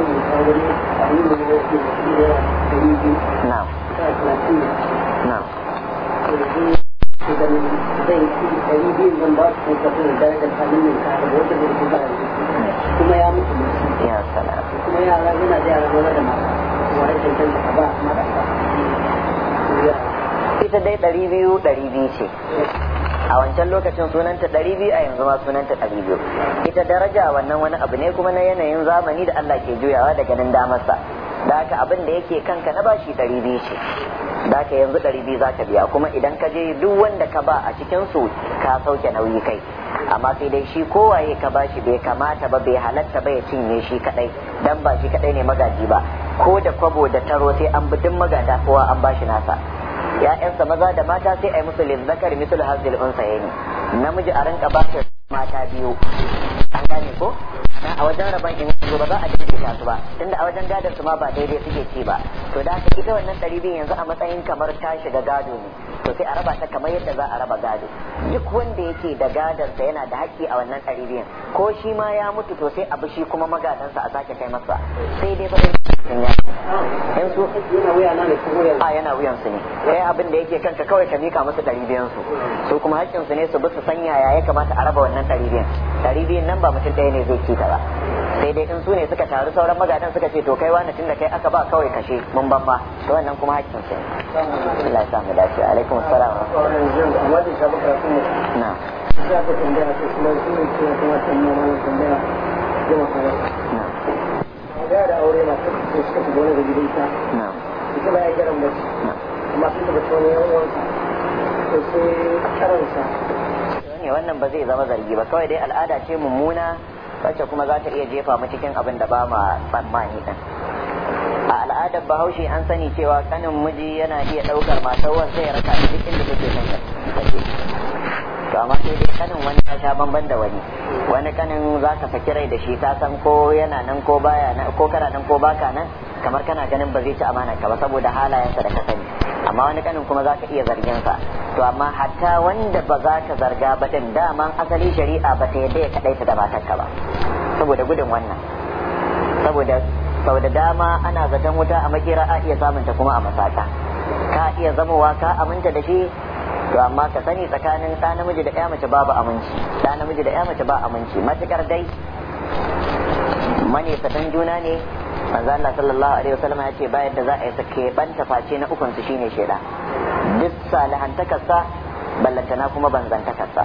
نعم kuma ya mutu ya yara da dai a wancan lokacin sunanta ɗari biyu a yanzu ma sunanta ɗari biyu ita daraja wannan wani abu ne kuma na yanayin zamani da Allah ke juyawa da ganin damarsa da haka abin da yake kanka na bashi ɗari biyu ce da haka yanzu ɗari biyu za ka biya kuma idan ka je duk wanda ka ba a cikinsu ka sauke nauyi kai amma sai dai shi kowaye ka bashi bai kamata ba bai halatta ba ya cinye shi kadai dan ba shi kadai ne magaji ba ko da kwabo da taro sai an bi duk magada kowa an bashi nasa ya'yansa maza da mata sai a yi musu lizzakar mitul hazil unsayni namiji a ranka ba mata biyu an gane ko a wajen rabon in zo ba za a jirgin su ba tunda a wajen gadar su ma ba daidai suke ci ba to da haka ita wannan ɗari biyu yanzu a matsayin kamar ta shiga gado ne to sai a raba ta kamar yadda za a raba gado duk wanda yake da gadansa yana da haƙƙi a wannan ɗari biyan ko shi ma ya mutu to sai a bi shi kuma magadansa a sake kai masa sai dai ba yan su a yana wuyan su ne kai eh, abin da yake kanka kawai ka mika musu ɗari biyansu. su su kuma haƙƙin su ne su bi su sanya ya kamata a raba wannan ɗari biyan ɗari nan ba mutum ɗaya ne zai ci ta ba sai dai in su ne suka taru sauran magadan suka ce to kai wani tun da kai aka ba kawai kashe mun ban ba to wannan kuma hakkin ce Allah ya samu dace alaikum assalam na da da aure na suka shiga wani da gidanta na ita ba ya gyara mace amma sun taɓa tsoron yan uwansa to sai karansa ne wannan ba zai zama zargi ba kawai dai al'ada ce mummuna wacce kuma za ta iya jefa mu cikin abin da ba ma tsammani din a al'adar bahaushe an sani cewa kanin miji yana iya ɗaukar matar wasu ya raka duk inda take son to amma sai dai kanin wani ya sha bamban da wani wani kanin za ka saki rai da shi ka san ko yana nan ko baya nan ko kana nan ko baka nan kamar kana ganin ba zai ci amana ka ba saboda halayensa da ka sani amma wani kanin kuma za ka iya zargin sa to amma hatta wanda ba za ka zarga ba din daman asali shari'a ba ta yadda ya kaɗaita da matarka ba saboda gudun wannan saboda sau da dama ana zaton wuta a makera a iya samunta kuma a masaka ka iya zamowa ka aminta da shi to amma ka sani tsakanin ɗa namiji da ɗaya mace babu aminci ɗa namiji da ɗaya mace ba aminci matukar dai don juna ne manzo Allah sallallahu alaihi wasallam ya ce bayan da za a yi sake banta face na ukun su shine sheda duk salihantakarsa ballantana kuma banzantakarsa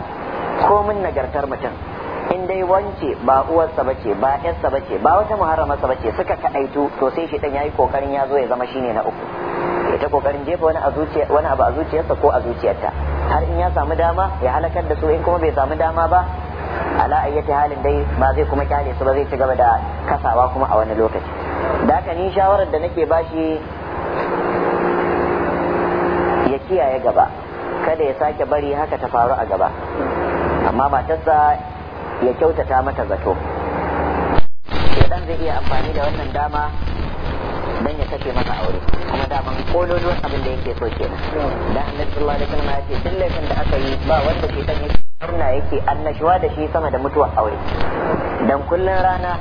komin nagartar mutum in dai wance ba uwarsa bace ba yarsa bace ba wata muharramarsa bace suka kadaitu to sai shi dan yayi kokarin ya zo ya zama shine na uku ya ta kokarin jefa wani wani abu a zuciyarsa ko a zuciyarta har in ya samu dama ya halakar da su in kuma bai samu dama ba ala ayyati halin dai ba zai kuma kyale su ba zai ci gaba da kasawa kuma a wani lokaci da haka ni shawarar da nake bashi ya kiyaye gaba kada ya sake bari haka ta faru a gaba amma matarsa ya kyautata mata zato idan zai iya amfani da wannan dama dan ya kace maka aure kuma ban kololuwar abin da yake so kenan dan annabi sallallahu alaihi wasallam ya ce da aka yi ba wanda ya tanye murna yake annashuwa da shi sama da mutuwa aure dan kullun rana